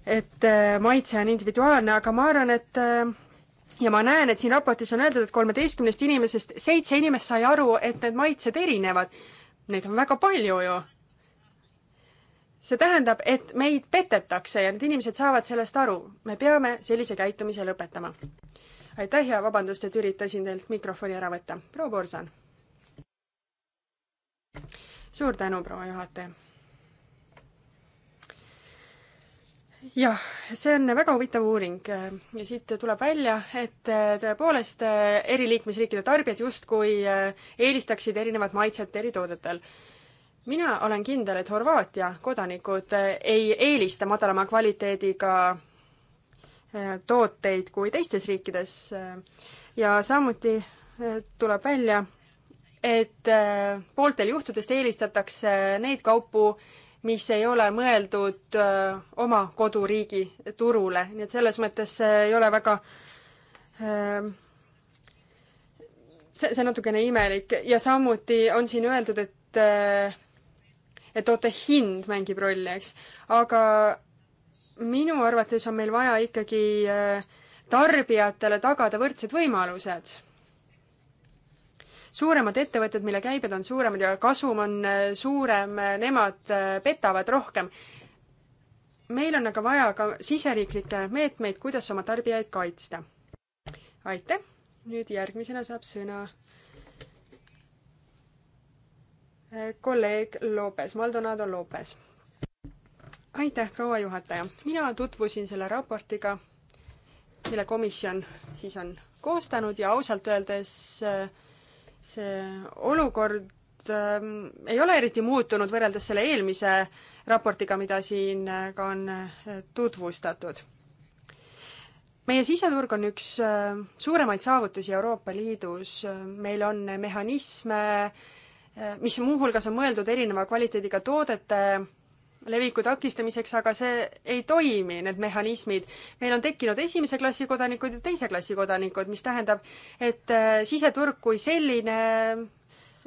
et äh, maitse on individuaalne, aga ma arvan, et äh, ja ma näen, et siin raportis on öeldud, et kolmeteistkümnest inimesest seitse inimest sai aru, et need maitsed erinevad. Neid on väga palju ju. see tähendab, et meid petetakse ja need inimesed saavad sellest aru. me peame sellise käitumise lõpetama. aitäh ja vabandust, et üritasin teilt mikrofoni ära võtta. proua Borsan. suur tänu, proua juhataja jah, see on väga huvitav uuring ja siit tuleb välja, et äh, tõepoolest äh, eri liikmesriikide tarbijad justkui äh, eelistaksid erinevat maitset eri toodetel. mina olen kindel, et Horvaatia kodanikud ei eelista madalama kvaliteediga tooteid kui teistes riikides ja samuti tuleb välja, et pooltel juhtudest eelistatakse neid kaupu, mis ei ole mõeldud öö, äh, oma koduriigi turule, nii et selles mõttes see ei ole väga öö, ähm, see, see on natukene imelik ja samuti on siin öeldud, et öö, äh, et toote hind mängib rolli, eks, aga minu arvates on meil vaja ikkagi äh, tarbijatele tagada võrdsed võimalused suuremad ettevõtted, mille käibed on suuremad ja kasum on äh, suurem, äh, nemad äh, petavad rohkem. meil on aga vaja ka siseriiklikke meetmeid, kuidas oma tarbijaid kaitsta. aitäh, nüüd järgmisena saab sõna kolleeg Lopes, Maldonado Lopes. aitäh, proua juhataja. mina tutvusin selle raportiga, mille komisjon siis on koostanud ja ausalt öeldes äh, see olukord ähm, ei ole eriti muutunud võrreldes selle eelmise raportiga, mida siin äh, ka on äh, tutvustatud. meie siseturg on üks äh, suuremaid saavutusi Euroopa Liidus, meil on mehhanisme, mis muuhulgas on mõeldud erineva kvaliteediga toodete leviku takistamiseks, aga see ei toimi, need mehhanismid. meil on tekkinud esimese klassi kodanikud ja teise klassi kodanikud, mis tähendab, et äh, siseturg kui selline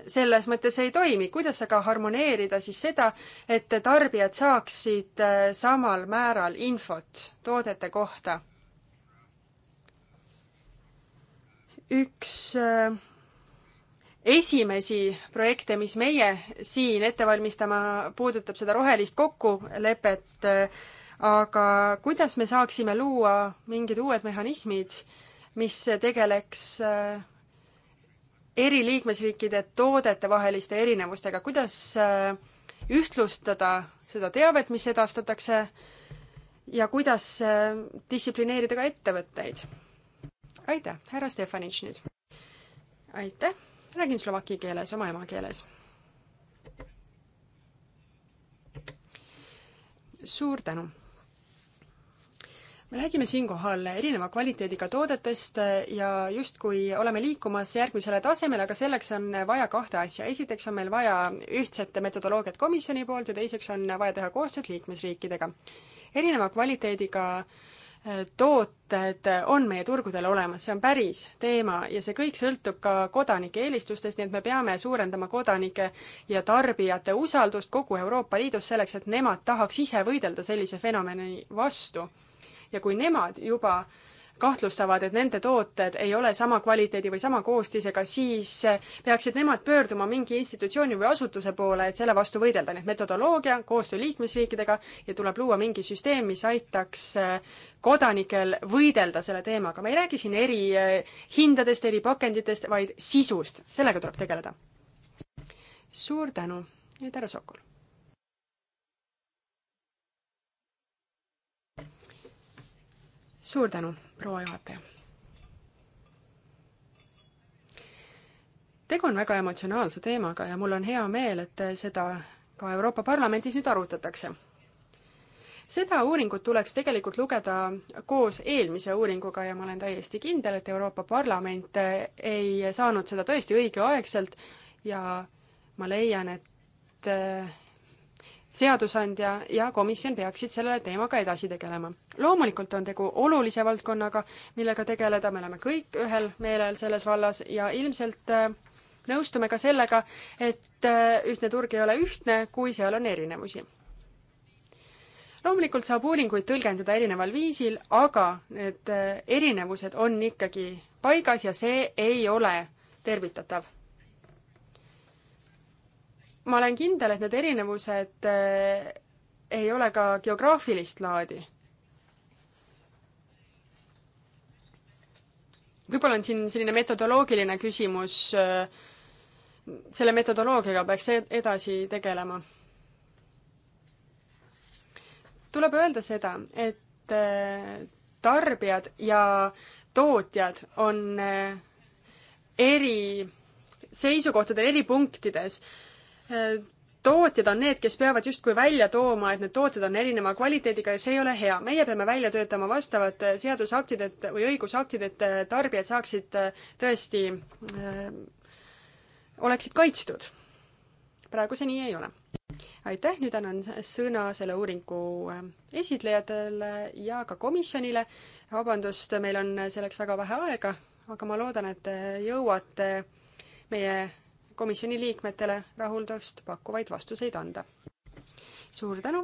selles mõttes ei toimi. kuidas aga harmoneerida siis seda, et tarbijad saaksid äh, samal määral infot toodete kohta? üks äh, esimesi projekte, mis meie siin ette valmistame, puudutab seda rohelist kokkulepet, äh, aga kuidas me saaksime luua mingid uued mehhanismid, mis tegeleks äh, eri liikmesriikide toodete vaheliste erinevustega, kuidas äh, ühtlustada seda teavet, mis edastatakse ja kuidas distsiplineerida ka ettevõtteid. aitäh, härra Stefanitš nüüd. aitäh räägin slovaki keeles, oma emakeeles. suur tänu! me räägime siinkohal erineva kvaliteediga toodetest ja justkui oleme liikumas järgmisele tasemele, aga selleks on vaja kahte asja. esiteks on meil vaja ühtset metodoloogiat komisjoni poolt ja teiseks on vaja teha koostööd liikmesriikidega. erineva kvaliteediga äh, tooted on meie turgudel olemas, see on päris teema ja see kõik sõltub ka kodanike eelistustest, nii et me peame suurendama kodanike ja tarbijate usaldust kogu Euroopa Liidus selleks, et nemad tahaks ise võidelda sellise fenomeni vastu. ja kui nemad juba äh, kahtlustavad, et nende tooted ei ole sama kvaliteedi või sama koostisega, siis eh, peaksid nemad pöörduma mingi institutsiooni või asutuse poole, et selle vastu võidelda. nii et metodoloogia, koostöö liikmesriikidega ja tuleb luua mingi süsteem, mis aitaks eh, kodanikel võidelda selle teemaga. ma ei räägi siin eri eh, hindadest, eri pakenditest, vaid sisust. sellega tuleb tegeleda. suur tänu, nüüd härra Sokol suur tänu, proua juhataja. tegu on väga emotsionaalse teemaga ja mul on hea meel, et seda ka Euroopa Parlamendis nüüd arutatakse. seda uuringut tuleks tegelikult lugeda koos eelmise uuringuga ja ma olen täiesti kindel, et Euroopa Parlament ei saanud seda tõesti õigeaegselt ja ma leian, et seadusandja ja komisjon peaksid selle teemaga edasi tegelema. loomulikult on tegu olulise valdkonnaga, millega tegeleda, me oleme kõik ühel meelel selles vallas ja ilmselt äh, nõustume ka sellega, et äh, ühtne turg ei ole ühtne, kui seal on erinevusi. loomulikult saab uuringuid tõlgendada erineval viisil, aga need äh, erinevused on ikkagi paigas ja see ei ole tervitatav ma olen kindel, et need erinevused äh, ei ole ka geograafilist laadi. võib-olla on siin selline metodoloogiline küsimus, äh, selle metodoloogiaga peaks edasi tegelema. tuleb öelda seda, et äh, tarbijad ja tootjad on eri seisukohtadel, eri punktides äh, tootjad on need, kes peavad justkui välja tooma, et need tooted on erineva kvaliteediga ja see ei ole hea. meie peame välja töötama vastavad äh, seadusaktid, et või õigusaktid, et äh, tarbijad saaksid äh, tõesti, oleksid kaitstud. praegu see nii ei ole. aitäh, nüüd annan sõna selle uuringu esitlejatele ja ka komisjonile. vabandust, meil on selleks väga vähe aega, aga ma loodan, et te jõuate meie komisjoni liikmetele rahuldust pakkuvaid vastuseid anda. suur tänu!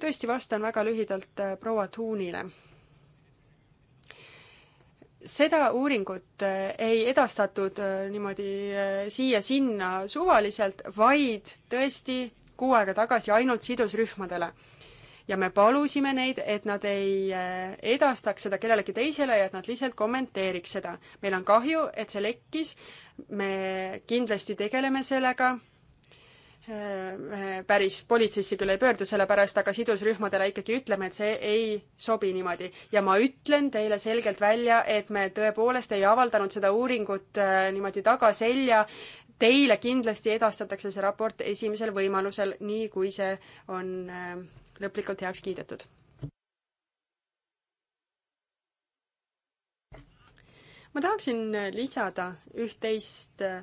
tõesti vastan väga lühidalt äh, proua Tuunile. seda uuringut äh, ei edastatud äh, niimoodi siia-sinna suvaliselt, vaid tõesti kuu aega tagasi ainult sidusrühmadele ja me palusime neid, et nad ei eh, edastaks seda kellelegi teisele ja et nad lihtsalt kommenteeriks seda. meil on kahju, et see lekkis, me kindlasti tegeleme sellega, eh, eh, päris politseisse küll ei pöördu selle pärast, aga sidusrühmadele ikkagi ütleme, et see ei sobi niimoodi. ja ma ütlen teile selgelt välja, et me tõepoolest ei avaldanud seda uuringut niimoodi tagaselja, teile kindlasti edastatakse see raport esimesel võimalusel, nii kui see on lõplikult heaks kiidetud. ma tahaksin lisada üht-teist äh,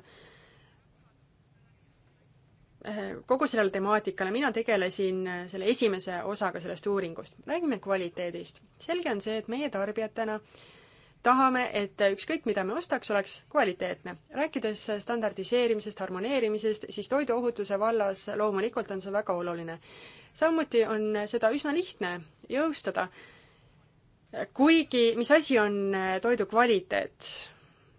kogu sellele temaatikale, mina tegelesin äh, selle esimese osaga sellest uuringust. räägime kvaliteedist. selge on see, et meie tarbijatena äh, tahame, et ükskõik, mida me ostaks, oleks kvaliteetne. rääkides standardiseerimisest, harmoneerimisest, siis toiduohutuse vallas loomulikult on see väga oluline. samuti on seda üsna lihtne jõustada, kuigi mis asi on toidu kvaliteet?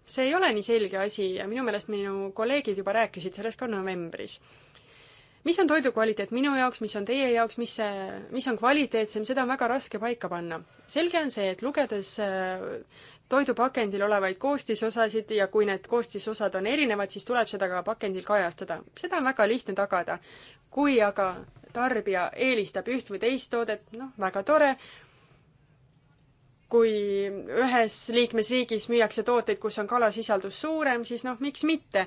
see ei ole nii selge asi ja minu meelest minu kolleegid juba rääkisid sellest ka novembris mis on toidu kvaliteet minu jaoks, mis on teie jaoks, mis see, mis on kvaliteetsem, seda on väga raske paika panna. selge on see, et lugedes toidupakendil olevaid koostisosasid ja kui need koostisosad on erinevad, siis tuleb seda ka pakendil kajastada. seda on väga lihtne tagada. kui aga tarbija eelistab üht või teist toodet, noh, väga tore, kui ühes liikmesriigis müüakse tooteid, kus on kalasisaldus suurem, siis noh, miks mitte.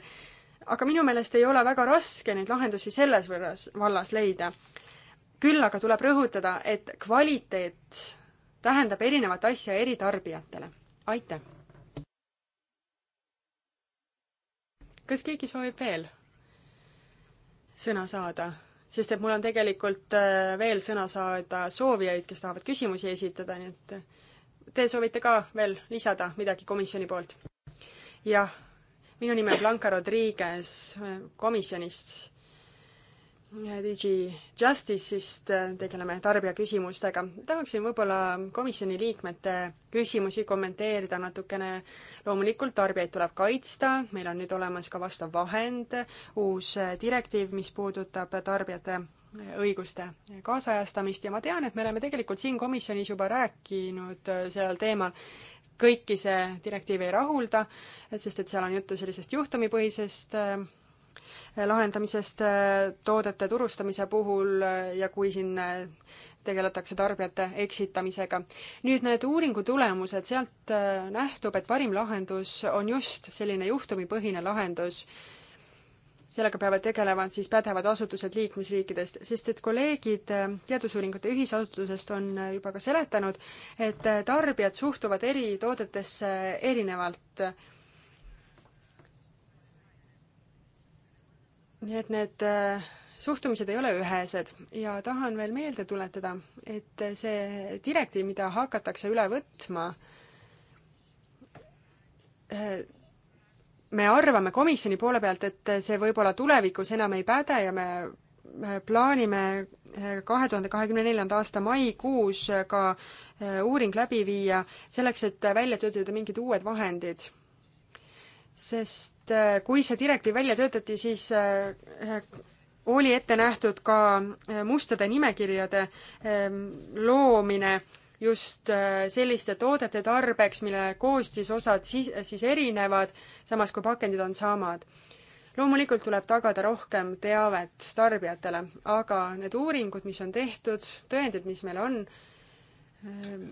aga minu meelest ei ole väga raske neid lahendusi selles võrras, vallas leida. küll aga tuleb rõhutada, et kvaliteet tähendab erinevat asja eri tarbijatele aitäh! kas keegi soovib veel sõna saada? sest et mul on tegelikult äh, veel sõna saada soovijaid, kes tahavad küsimusi esitada, nii et äh, te soovite ka veel lisada midagi komisjoni poolt? jah, minu nimi on Blanca Rodriguez äh, komisjonist Digi Justice'ist äh, tegeleme tarbijaküsimustega. tahaksin võib-olla komisjoni liikmete küsimusi kommenteerida natukene. loomulikult tarbijaid tuleb kaitsta, meil on nüüd olemas ka vastav vahend, uus äh, direktiiv, mis puudutab tarbijate õiguste kaasajastamist ja ma tean, et me oleme tegelikult siin komisjonis juba rääkinud äh, sellel teemal, kõiki see direktiiv ei rahulda, sest et seal on juttu sellisest juhtumipõhisest äh, lahendamisest toodete turustamise puhul ja kui siin tegeletakse tarbijate eksitamisega. nüüd need uuringu tulemused, sealt äh, nähtub, et parim lahendus on just selline juhtumipõhine lahendus. sellega peavad tegelema siis pädevad asutused liikmesriikidest, sest et kolleegid äh, teadusuuringute ühisasutusest on äh, juba ka seletanud, et tarbijad suhtuvad eri toodetesse erinevalt nii et need äh, suhtumised ei ole ühesed ja tahan veel meelde tuletada, et äh, see direktiiv, mida hakatakse üle võtma, äh, me arvame komisjoni poole pealt, et see võib-olla tulevikus enam ei päde ja me plaanime kahe tuhande kahekümne neljanda aasta maikuus ka uuring läbi viia selleks, et välja töötada mingid uued vahendid sest äh, kui see direktiiv välja töötati, siis äh, äh, oli ette nähtud ka mustade nimekirjade ähm, loomine just selliste toodete tarbeks, mille koostisosad siis, siis erinevad, samas kui pakendid on samad. loomulikult tuleb tagada rohkem teavet tarbijatele, aga need uuringud, mis on tehtud, tõendid, mis meil on, ähm,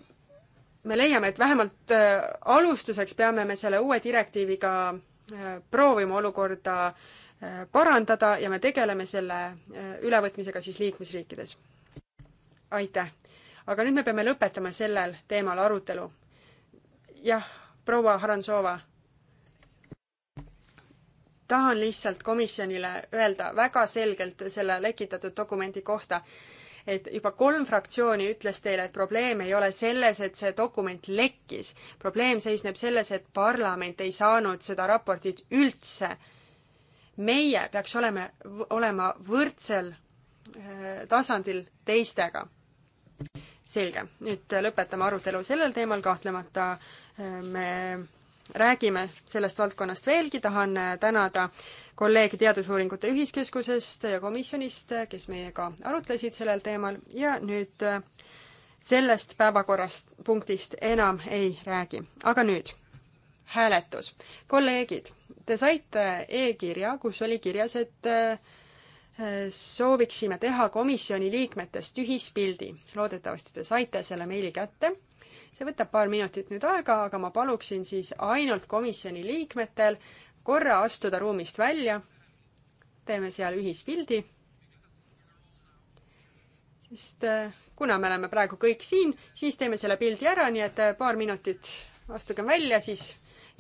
me leiame, et vähemalt äh, alustuseks peame me selle uue direktiiviga äh, proovima olukorda äh, parandada ja me tegeleme selle ülevõtmisega siis liikmesriikides. aitäh! aga nüüd me peame lõpetama sellel teemal arutelu. jah, proua Haransova. tahan lihtsalt komisjonile öelda väga selgelt selle lekitatud dokumendi kohta, et juba kolm fraktsiooni ütles teile, et probleem ei ole selles, et see dokument lekkis. probleem seisneb selles, et parlament ei saanud seda raportit üldse. meie peaks olema, olema võrdsel äh, tasandil teistega. selge, nüüd lõpetame arutelu sellel teemal, kahtlemata äh, me räägime sellest valdkonnast veelgi, tahan äh, tänada äh, kolleeg Teadusuuringute Ühiskeskusest ja komisjonist, kes meiega arutlesid sellel teemal ja nüüd äh, sellest päevakorrast punktist enam ei räägi. aga nüüd hääletus. kolleegid, te saite e-kirja, kus oli kirjas, et äh, sooviksime teha komisjoni liikmetest ühispildi. loodetavasti te saite selle meili kätte. see võtab paar minutit nüüd aega, aga ma paluksin siis ainult komisjoni liikmetel korra astuda ruumist välja, teeme seal ühispildi, sest äh, kuna me oleme praegu kõik siin, siis teeme selle pildi ära, nii et äh, paar minutit astugem välja, siis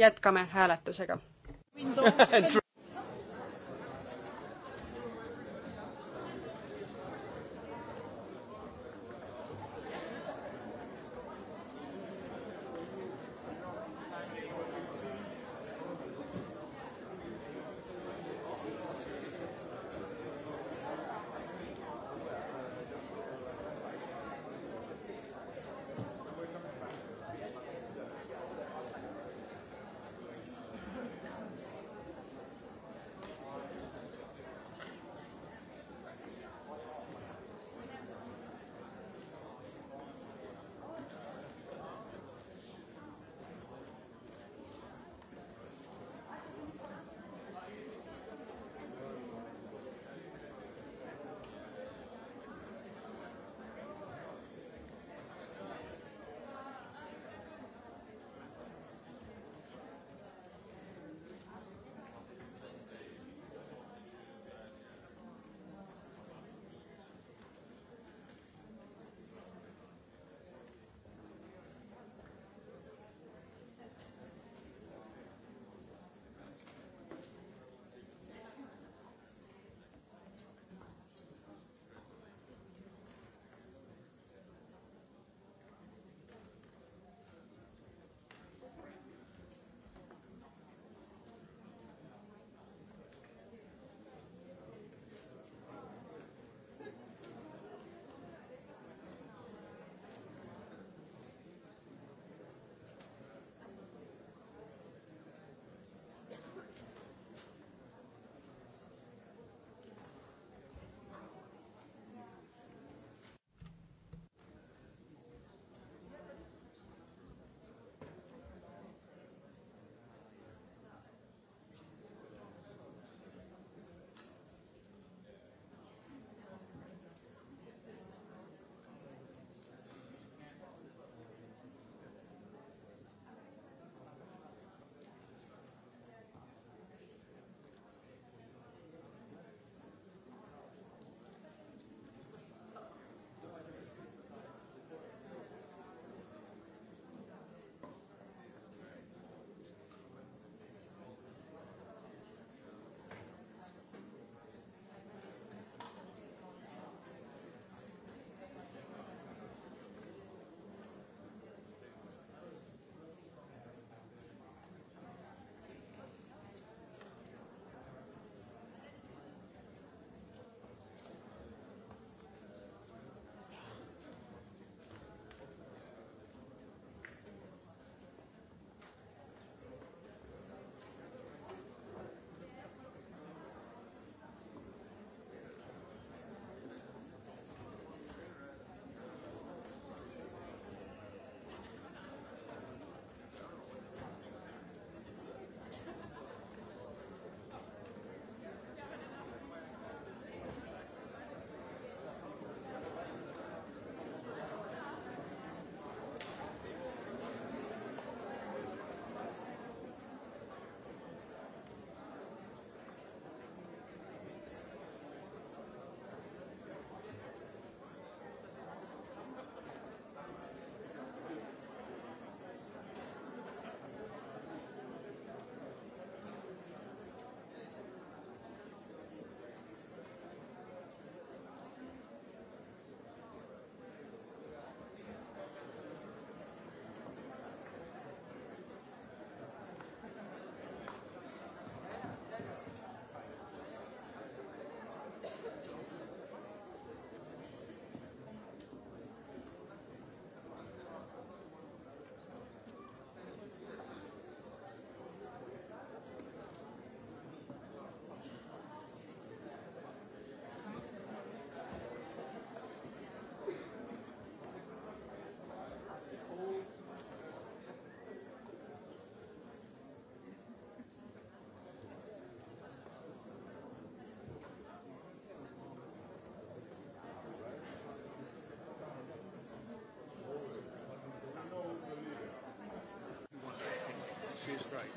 jätkame hääletusega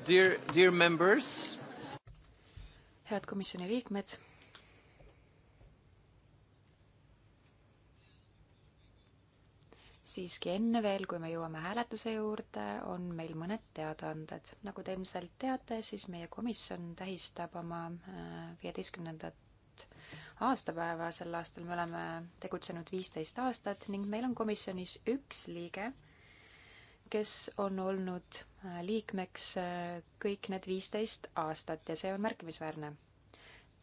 Dear, dear members. head komisjoni liikmed. siiski enne veel, kui me jõuame hääletuse juurde, on meil mõned teadaanded. nagu te ilmselt teate, siis meie komisjon tähistab oma äh, viieteistkümnendat aastapäeva, sel aastal me oleme tegutsenud viisteist aastat ning meil on komisjonis üks liige kes on olnud äh, liikmeks äh, kõik need viisteist aastat ja see on märkimisväärne.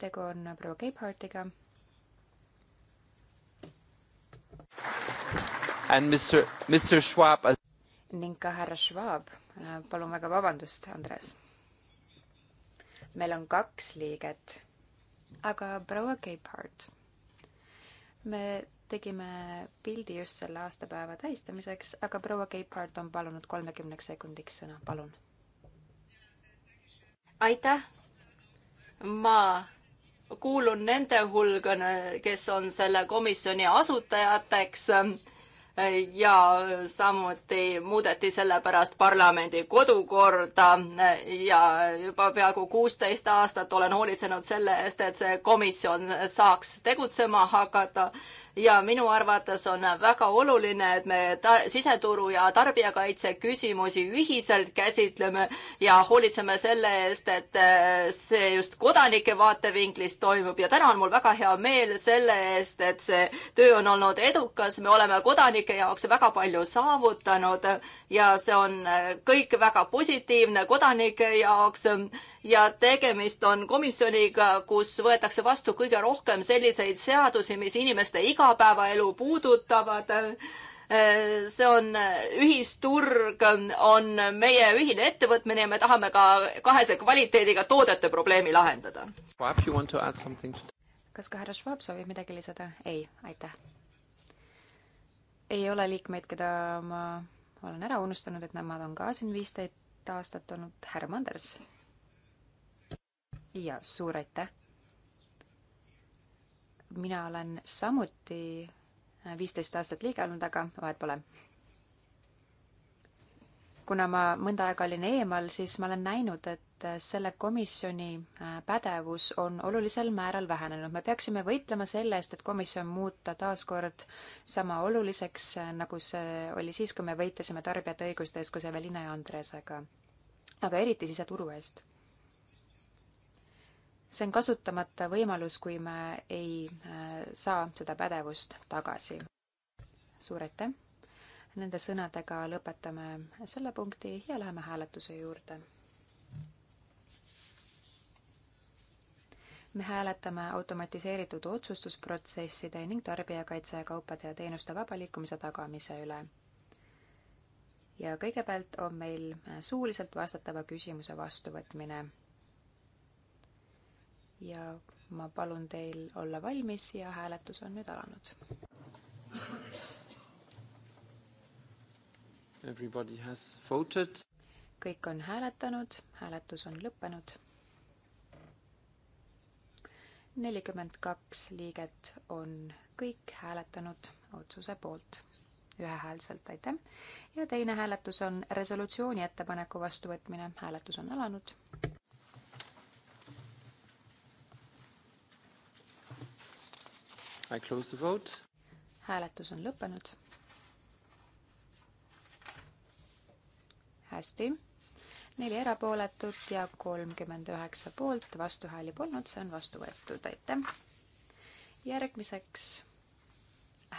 tegu on proua Keiphartiga. And Mr, Mr Schwab. Uh, ning ka härra Schwab, äh, palun väga vabandust, Andres. meil on kaks liiget, aga proua Keiphart, me tegime pildi just selle aastapäeva tähistamiseks, aga proua Keipart on palunud kolmekümneks sekundiks sõna, palun. aitäh. ma kuulun nende hulga, kes on selle komisjoni asutajateks ja samuti muudeti sellepärast parlamendi kodukorda ja juba peaaegu kuusteist aastat olen hoolitsenud selle eest, et see komisjon saaks tegutsema hakata ja minu arvates on väga oluline, et me ta-, siseturu ja tarbijakaitse küsimusi ühiselt käsitleme ja hoolitseme selle eest, et see just kodanike vaatevinklist toimub ja täna on mul väga hea meel selle eest, et see töö on olnud edukas, me oleme kodanike kodanike jaoks väga palju saavutanud ja see on äh, kõik väga positiivne kodanike jaoks ja tegemist on komisjoniga, kus võetakse vastu kõige rohkem selliseid seadusi, mis inimeste igapäevaelu puudutavad äh, see on äh, ühisturg, on meie ühine ettevõtmine ja me tahame ka kahese kvaliteediga toodete probleemi lahendada. kas ka härra Schwab soovib midagi lisada? ei, aitäh ei ole liikmeid, keda ma olen ära unustanud, et nemad on ka siin viisteist aastat olnud. härra Manders. ja suur aitäh. mina olen samuti viisteist aastat liige olnud, aga vahet pole kuna ma mõnda aega olin eemal, siis ma olen näinud, et et äh, selle komisjoni äh, pädevus on olulisel määral vähenenud. me peaksime võitlema selle eest, et komisjon muuta taaskord sama oluliseks, äh, nagu see oli siis, kui me võitlesime tarbijate õiguste eest koos Evelina ja Andresega. aga eriti siseturu eest. see on kasutamata võimalus, kui me ei saa seda pädevust tagasi. suur aitäh! Nende sõnadega lõpetame selle punkti ja läheme hääletuse juurde me hääletame automatiseeritud otsustusprotsesside ning tarbijakaitse ja kaupade ja teenuste vaba liikumise tagamise üle. ja kõigepealt on meil äh, suuliselt vastatava küsimuse vastuvõtmine. ja ma palun teil olla valmis ja hääletus on nüüd alanud. Everybody has voted. kõik on hääletanud, hääletus on lõppenud nelikümmend kaks liiget on kõik hääletanud otsuse poolt ühehäälselt, aitäh. ja teine hääletus on resolutsiooni ettepaneku vastuvõtmine, hääletus on alanud. I close the vote. hääletus on lõppenud. hästi neli erapooletut ja kolmkümmend üheksa poolt, vastuhääli polnud, see on vastu võetud, aitäh. järgmiseks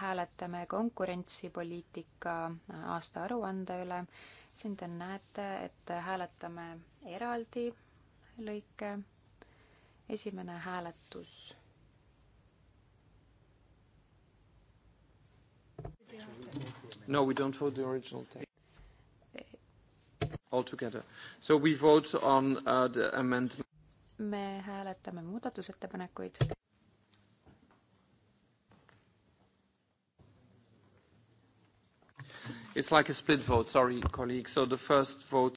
hääletame konkurentsipoliitika aastaaruande üle. siin te näete, et hääletame eraldi lõike. esimene hääletus. no we don't vote the original text altogether. So we vote on uh, the amendment. me hääletame muudatusettepanekuid. It's like a split vote, sorry, colleague, so the first vote.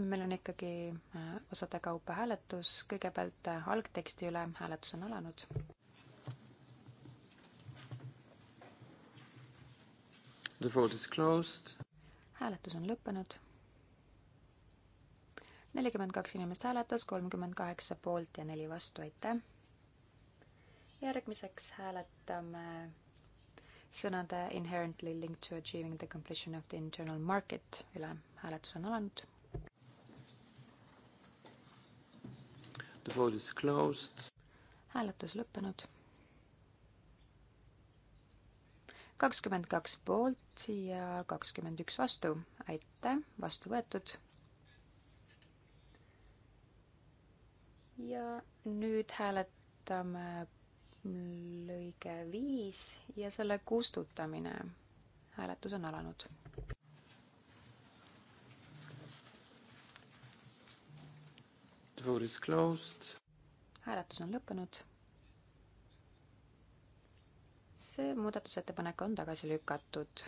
meil on ikkagi äh, osade kaupa hääletus, kõigepealt äh, algteksti üle hääletus on alanud. The vote is closed. hääletus on lõppenud nelikümmend kaks inimest hääletas, kolmkümmend kaheksa poolt ja neli vastu, aitäh. järgmiseks hääletame sõnade inherently linked to achieving the completion of the internal market üle. hääletus on alanud. The vote is closed. hääletus lõppenud. kakskümmend kaks poolt ja kakskümmend üks vastu. aitäh, vastu võetud ja nüüd hääletame lõige viis ja selle kustutamine. hääletus on alanud. hääletus on lõppenud. see muudatusettepanek on tagasi lükatud.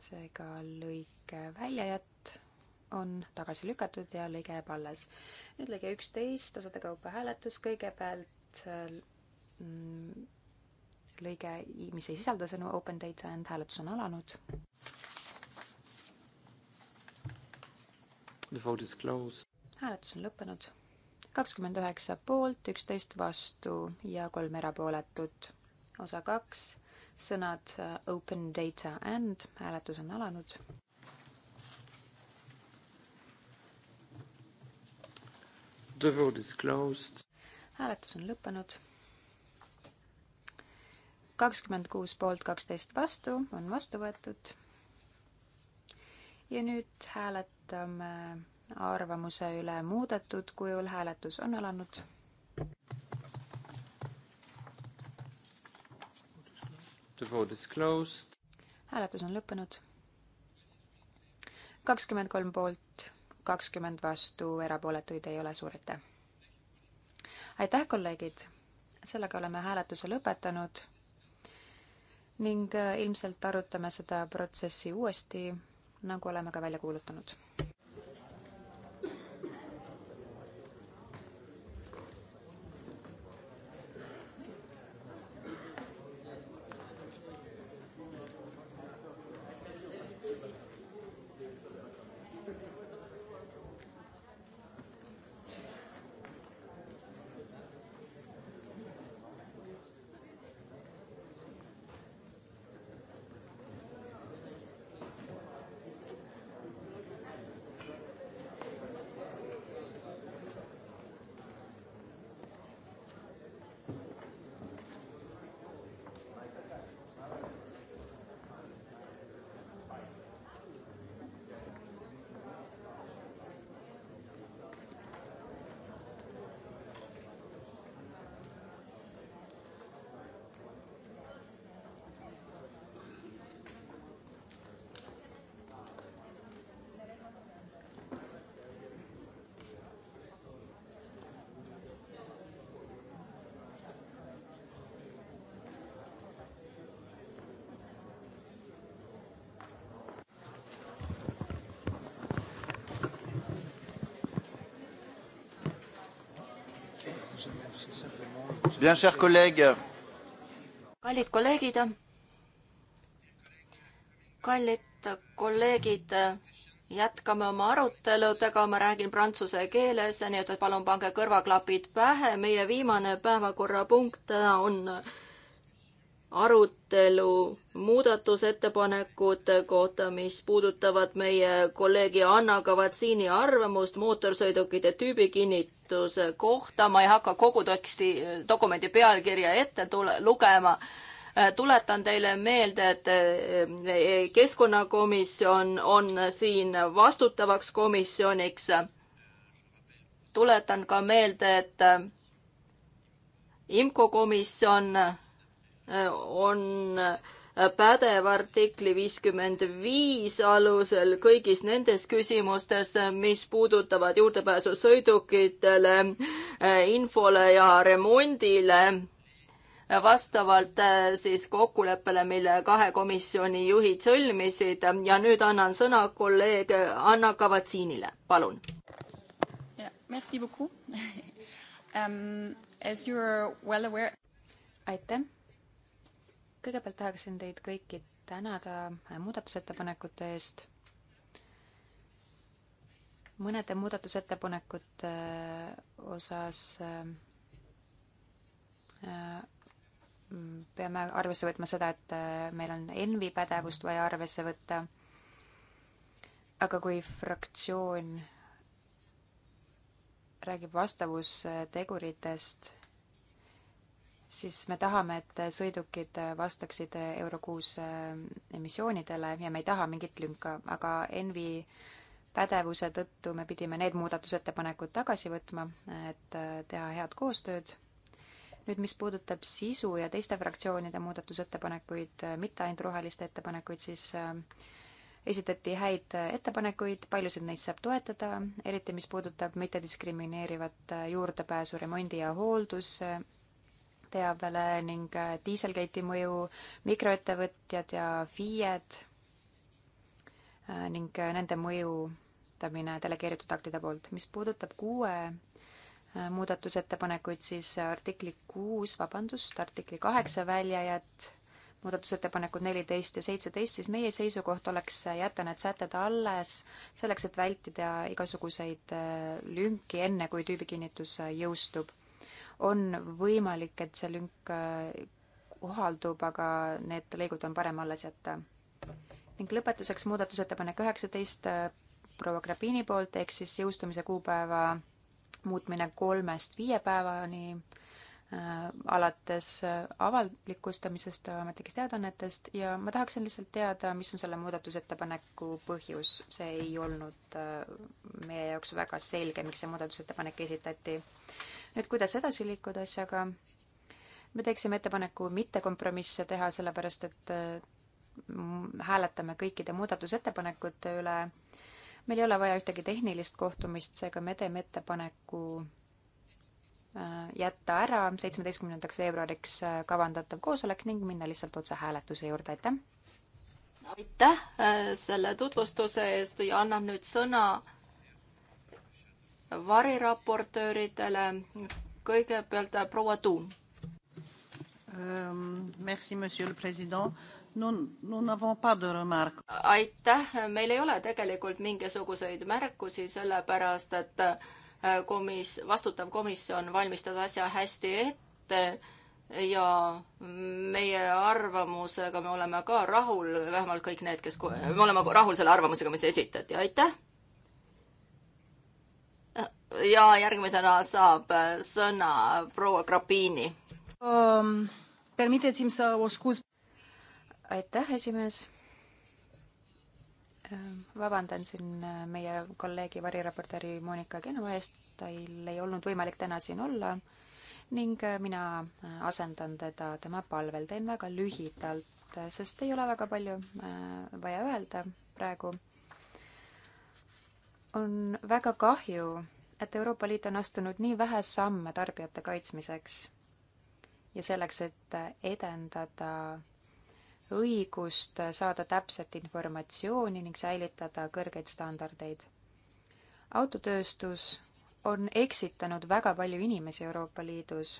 seega lõike väljajätt on tagasi lükatud ja lõige jääb alles nüüd lõige üksteist, osade kaupa hääletus, kõigepealt äh, mm, lõige, mis ei sisalda sõnu open data and hääletus on alanud. The vote is closed. hääletus on lõppenud. kakskümmend üheksa poolt, üksteist vastu ja kolm erapooletut. osa kaks, sõnad äh, open data and hääletus on alanud. The vote is closed. hääletus on lõppenud. kakskümmend kuus poolt, kaksteist vastu on vastu võetud. ja nüüd hääletame arvamuse üle muudetud kujul, hääletus on alanud. The vote is closed. hääletus on lõppenud kakskümmend kolm poolt, kakskümmend vastu, erapooletuid ei ole, suur aitäh! aitäh, kolleegid! sellega oleme hääletuse lõpetanud ning äh, ilmselt arutame seda protsessi uuesti, nagu oleme ka välja kuulutanud. Bien, chers collègues. kallid kolleegid, kallid kolleegid, jätkame oma aruteludega, ma räägin prantsuse keeles, nii et palun pange kõrvaklapid pähe, meie viimane päevakorrapunkt on arutelu muudatusettepanekute kohta, mis puudutavad meie kolleegi Anna Kavatsiini arvamust mootorsõidukite tüübikinnituse kohta. ma ei hakka kogu teksti, dokumendi pealkirja ette tule, lugema. Äh, tuletan teile meelde, et äh, keskkonnakomisjon on siin vastutavaks komisjoniks. tuletan ka meelde, et äh, IMCO komisjon on pädev artikli viiskümmend viis alusel kõigis nendes küsimustes, mis puudutavad juurdepääsu sõidukitele, infole ja remondile vastavalt äh, siis kokkuleppele, mille kahe komisjoni juhid sõlmisid ja nüüd annan sõna kolleeg Anna Kavatsinile, palun. Ähm, aitäh kõigepealt tahaksin teid kõiki tänada muudatusettepanekute eest. mõnede muudatusettepanekute äh, osas äh, äh, peame arvesse võtma seda, et meil on ENVI pädevust vaja arvesse võtta. aga kui fraktsioon räägib vastavusteguritest siis me tahame, et sõidukid vastaksid Euro kuus eh, emissioonidele ja me ei taha mingit lünka, aga Envi pädevuse tõttu me pidime need muudatusettepanekud tagasi võtma, et eh, teha head koostööd. nüüd, mis puudutab sisu ja teiste fraktsioonide muudatusettepanekuid, eh, mitte ainult roheliste ettepanekuid, siis esitati häid ettepanekuid, paljusid neist saab toetada, eriti mis puudutab mittediskrimineerivat juurdepääsu remondi ja hooldus teabele ning äh, Dieselgate'i mõju mikroettevõtjad ja FIE-d äh, ning äh, nende mõjutamine delegeeritud aktide poolt. mis puudutab kuue muudatusettepanekuid, siis artikli kuus, vabandust, artikli kaheksa väljajätt, muudatusettepanekud neliteist ja seitseteist, siis meie seisukoht oleks jätta need sätted alles selleks, et vältida igasuguseid lünki enne, kui tüübikinnitus jõustub on võimalik, et see lünk äh, kohaldub, aga need lõigud on parem alles jätta. ning lõpetuseks muudatusettepanek üheksateist äh, proua Grabini poolt, ehk siis jõustumise kuupäeva muutmine kolmest viie päevani äh, alates äh, avalikustamisest ametlikest teadaannetest ja ma tahaksin lihtsalt teada, mis on selle muudatusettepaneku põhjus, see ei olnud äh, meie jaoks väga selge, miks see muudatusettepanek esitati äh, nüüd, kuidas edasi liikuda asjaga? me teeksime ettepaneku mitte kompromisse teha, sellepärast et äh, hääletame kõikide muudatusettepanekute üle. meil ei ole vaja ühtegi tehnilist kohtumist, seega me teeme ettepaneku äh, jätta ära seitsmeteistkümnendaks veebruariks äh, kavandatav koosolek ning minna lihtsalt otse hääletuse juurde, aitäh! aitäh selle tutvustuse eest ja annan nüüd sõna variraportööridele. kõigepealt äh, proua Tuum. Ähm, merci, monsieur le president. aitäh, meil ei ole tegelikult mingisuguseid märkusi, sellepärast et äh, komis-, vastutav komisjon valmistas asja hästi ette ja meie arvamusega me oleme ka rahul, vähemalt kõik need, kes, me oleme rahul selle arvamusega, mis esitati, aitäh! ja järgmisena saab äh, sõna proua Grapini um,. aitäh, esimees. Ähm, vabandan siin äh, meie kolleegi variraportööri Monika Genova eest, tal ei olnud võimalik täna siin olla ning äh, mina asendan teda tema palvel, teen väga lühidalt, sest ei ole väga palju vaja öelda praegu. on väga kahju, et Euroopa Liit on astunud nii vähe samme tarbijate kaitsmiseks ja selleks, et edendada õigust saada täpset informatsiooni ning säilitada kõrgeid standardeid. autotööstus on eksitanud väga palju inimesi Euroopa Liidus.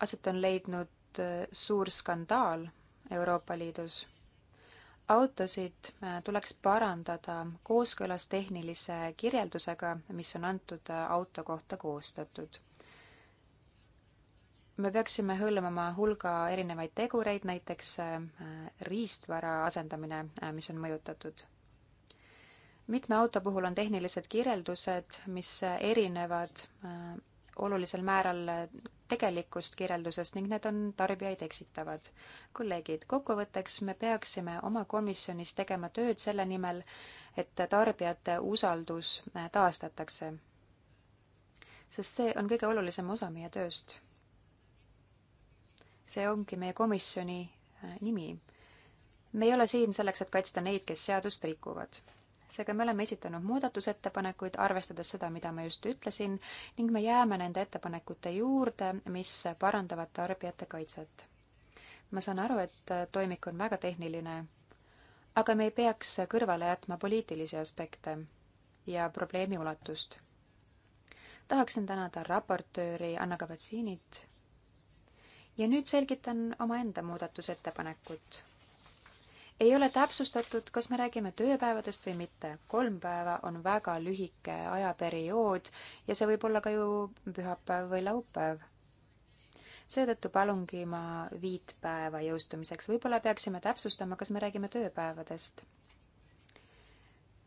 aset on leidnud äh, suur skandaal Euroopa Liidus autosid äh, tuleks parandada kooskõlas tehnilise kirjeldusega, mis on antud äh, auto kohta koostatud. me peaksime hõlmama hulga erinevaid tegureid, näiteks äh, riistvara asendamine, mis on mõjutatud mitme auto puhul on tehnilised kirjeldused, mis erinevad olulisel määral tegelikust kirjeldusest ning need on tarbijaid eksitavad. kolleegid, kokkuvõtteks me peaksime oma komisjonis tegema tööd selle nimel, et tarbijate usaldus taastatakse. sest see on kõige olulisem osa meie tööst. see ongi meie komisjoni äh, nimi. me ei ole siin selleks, et kaitsta neid, kes seadust rikuvad seega me oleme esitanud muudatusettepanekuid, arvestades seda, mida ma just ütlesin, ning me jääme nende ettepanekute juurde, mis parandavad tarbijate kaitset. ma saan aru, et toimik on väga tehniline, aga me ei peaks kõrvale jätma poliitilisi aspekte ja probleemi ulatust. tahaksin tänada raportööri Anna Kavatsinit ja nüüd selgitan omaenda muudatusettepanekut ei ole täpsustatud, kas me räägime tööpäevadest või mitte. kolm päeva on väga lühike ajaperiood ja see võib olla ka ju pühapäev või laupäev. seetõttu palungi ma viit päeva jõustumiseks. võib-olla peaksime täpsustama, kas me räägime tööpäevadest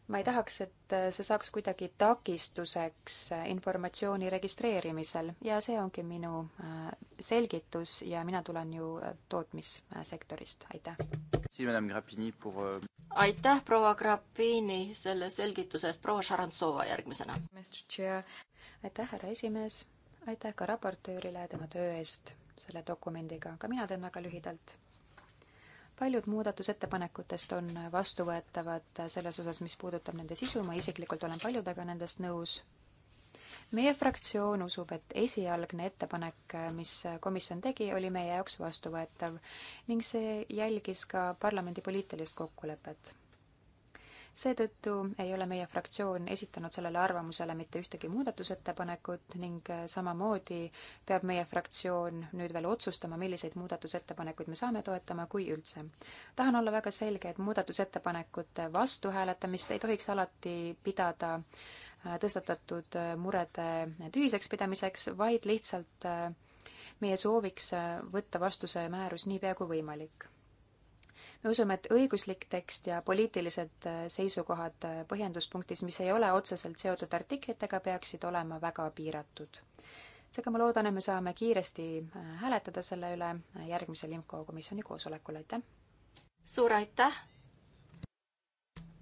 ma ei tahaks, et äh, see saaks kuidagi takistuseks äh, informatsiooni registreerimisel ja see ongi minu äh, selgitus ja mina tulen ju tootmissektorist, aitäh. Euh aitäh, proua Grappini selle selgituse eest, proua Šarantsova järgmisena. aitäh, härra esimees, aitäh ka raportöörile tema töö eest selle dokumendiga, ka mina teen väga lühidalt paljud muudatusettepanekutest on vastuvõetavad selles osas, mis puudutab nende sisu, ma isiklikult olen paljudega nendest nõus. meie fraktsioon usub, et esialgne ettepanek, mis komisjon tegi, oli meie jaoks vastuvõetav ning see jälgis ka parlamendi poliitilist kokkulepet seetõttu ei ole meie fraktsioon esitanud sellele arvamusele mitte ühtegi muudatusettepanekut ning äh, samamoodi peab meie fraktsioon nüüd veel otsustama, milliseid muudatusettepanekuid me saame toetama, kui üldse. tahan olla väga selge, et muudatusettepanekute vastuhääletamist ei tohiks alati pidada äh, tõstatatud äh, murede tühiseks pidamiseks, vaid lihtsalt meie sooviks võtta vastu see määrus niipea kui võimalik me usume, et õiguslik tekst ja poliitilised äh, seisukohad äh, põhjenduspunktis, mis ei ole otseselt seotud artiklitega, peaksid olema väga piiratud. seega ma loodan, et me saame kiiresti äh, hääletada selle üle järgmisel IMCO komisjoni koosolekul, aitäh! suur aitäh!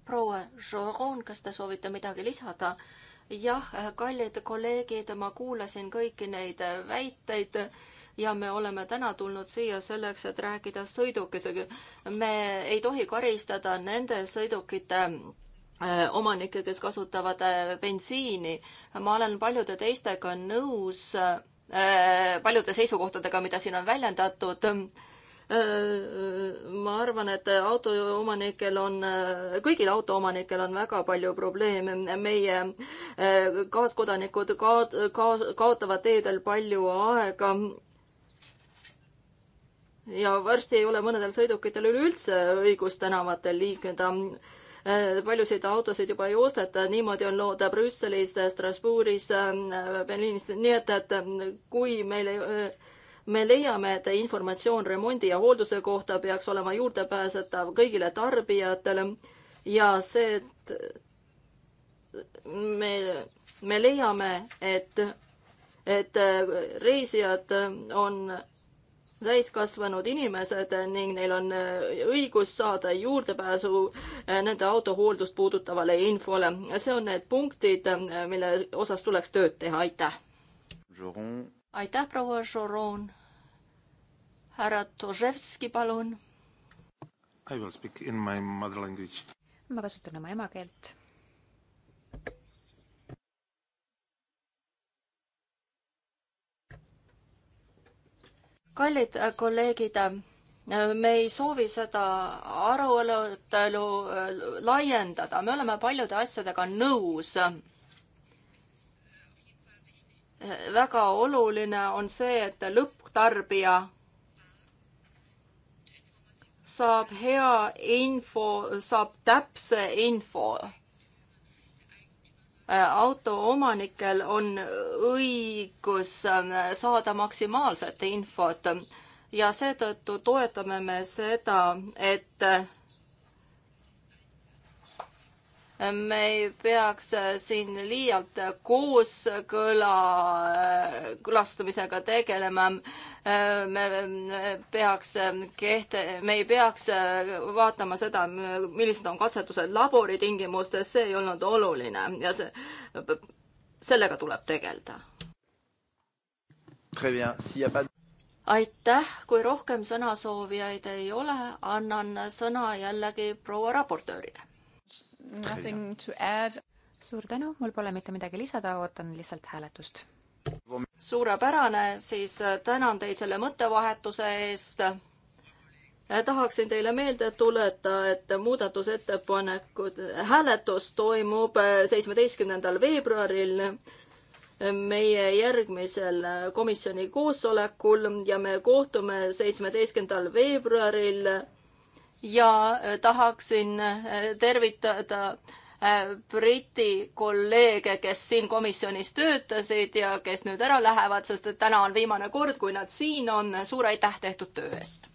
proua Joron, kas te soovite midagi lisada? jah, kallid kolleegid, ma kuulasin kõiki neid väiteid ja me oleme täna tulnud siia selleks, et rääkida sõidukisega. me ei tohi karistada nende sõidukite äh, omanikke, kes kasutavad äh, bensiini. ma olen paljude teistega nõus, äh, paljude seisukohtadega, mida siin on väljendatud ma arvan, et autoomanikel on, kõigil autoomanikel on väga palju probleeme. meie kaaskodanikud ka-, ka-, kaotavad teedel palju aega ja varsti ei ole mõnedel sõidukitel üleüldse õigust tänavatel liikuda. Äh, paljusid autosid juba ei osteta, niimoodi on lood Brüsselis, Strasbourgis, äh, Berliinis, nii et, et äh, kui meil ei me leiame, et informatsioon remondi ja hoolduse kohta peaks olema juurdepääsetav kõigile tarbijatele ja see, et me, me leiame, et, et reisijad on täiskasvanud inimesed ning neil on äh, õigus saada juurdepääsu äh, nende autohooldust puudutavale infole. see on need punktid, äh, mille osas tuleks tööd teha, aitäh. aitäh, proua Žoron. härra Toževski, palun. ma kasutan oma emakeelt kallid äh, kolleegid, äh, me ei soovi seda aruelu äh, laiendada, me oleme paljude asjadega nõus. väga oluline on see, et lõpptarbija saab hea info, saab täpse info Äh, autoomanikel on õigus ähm, saada maksimaalset infot ja seetõttu toetame me seda, et äh, me ei peaks äh, siin liialt äh, kooskõla, äh, kõlastamisega tegelema. me peaks kehte, me ei peaks vaatama seda, millised on katsetused laboritingimustes, see ei olnud oluline ja see, sellega tuleb tegeleda. aitäh, kui rohkem sõnasoovijaid ei ole, annan sõna jällegi proua raportöörile Nothing to add. suur tänu, mul pole mitte midagi lisada, ootan lihtsalt hääletust. suurepärane, siis äh, tänan teid selle mõttevahetuse eest. Äh, tahaksin teile meelde tuleta, et muudatusettepanekud, äh, hääletus toimub seitsmeteistkümnendal veebruaril meie järgmisel komisjoni koosolekul ja me kohtume seitsmeteistkümnendal veebruaril ja äh, tahaksin äh, tervitada äh, Briti kolleege, kes siin komisjonis töötasid ja kes nüüd ära lähevad, sest et täna on viimane kord, kui nad siin on. suur aitäh tehtud töö eest!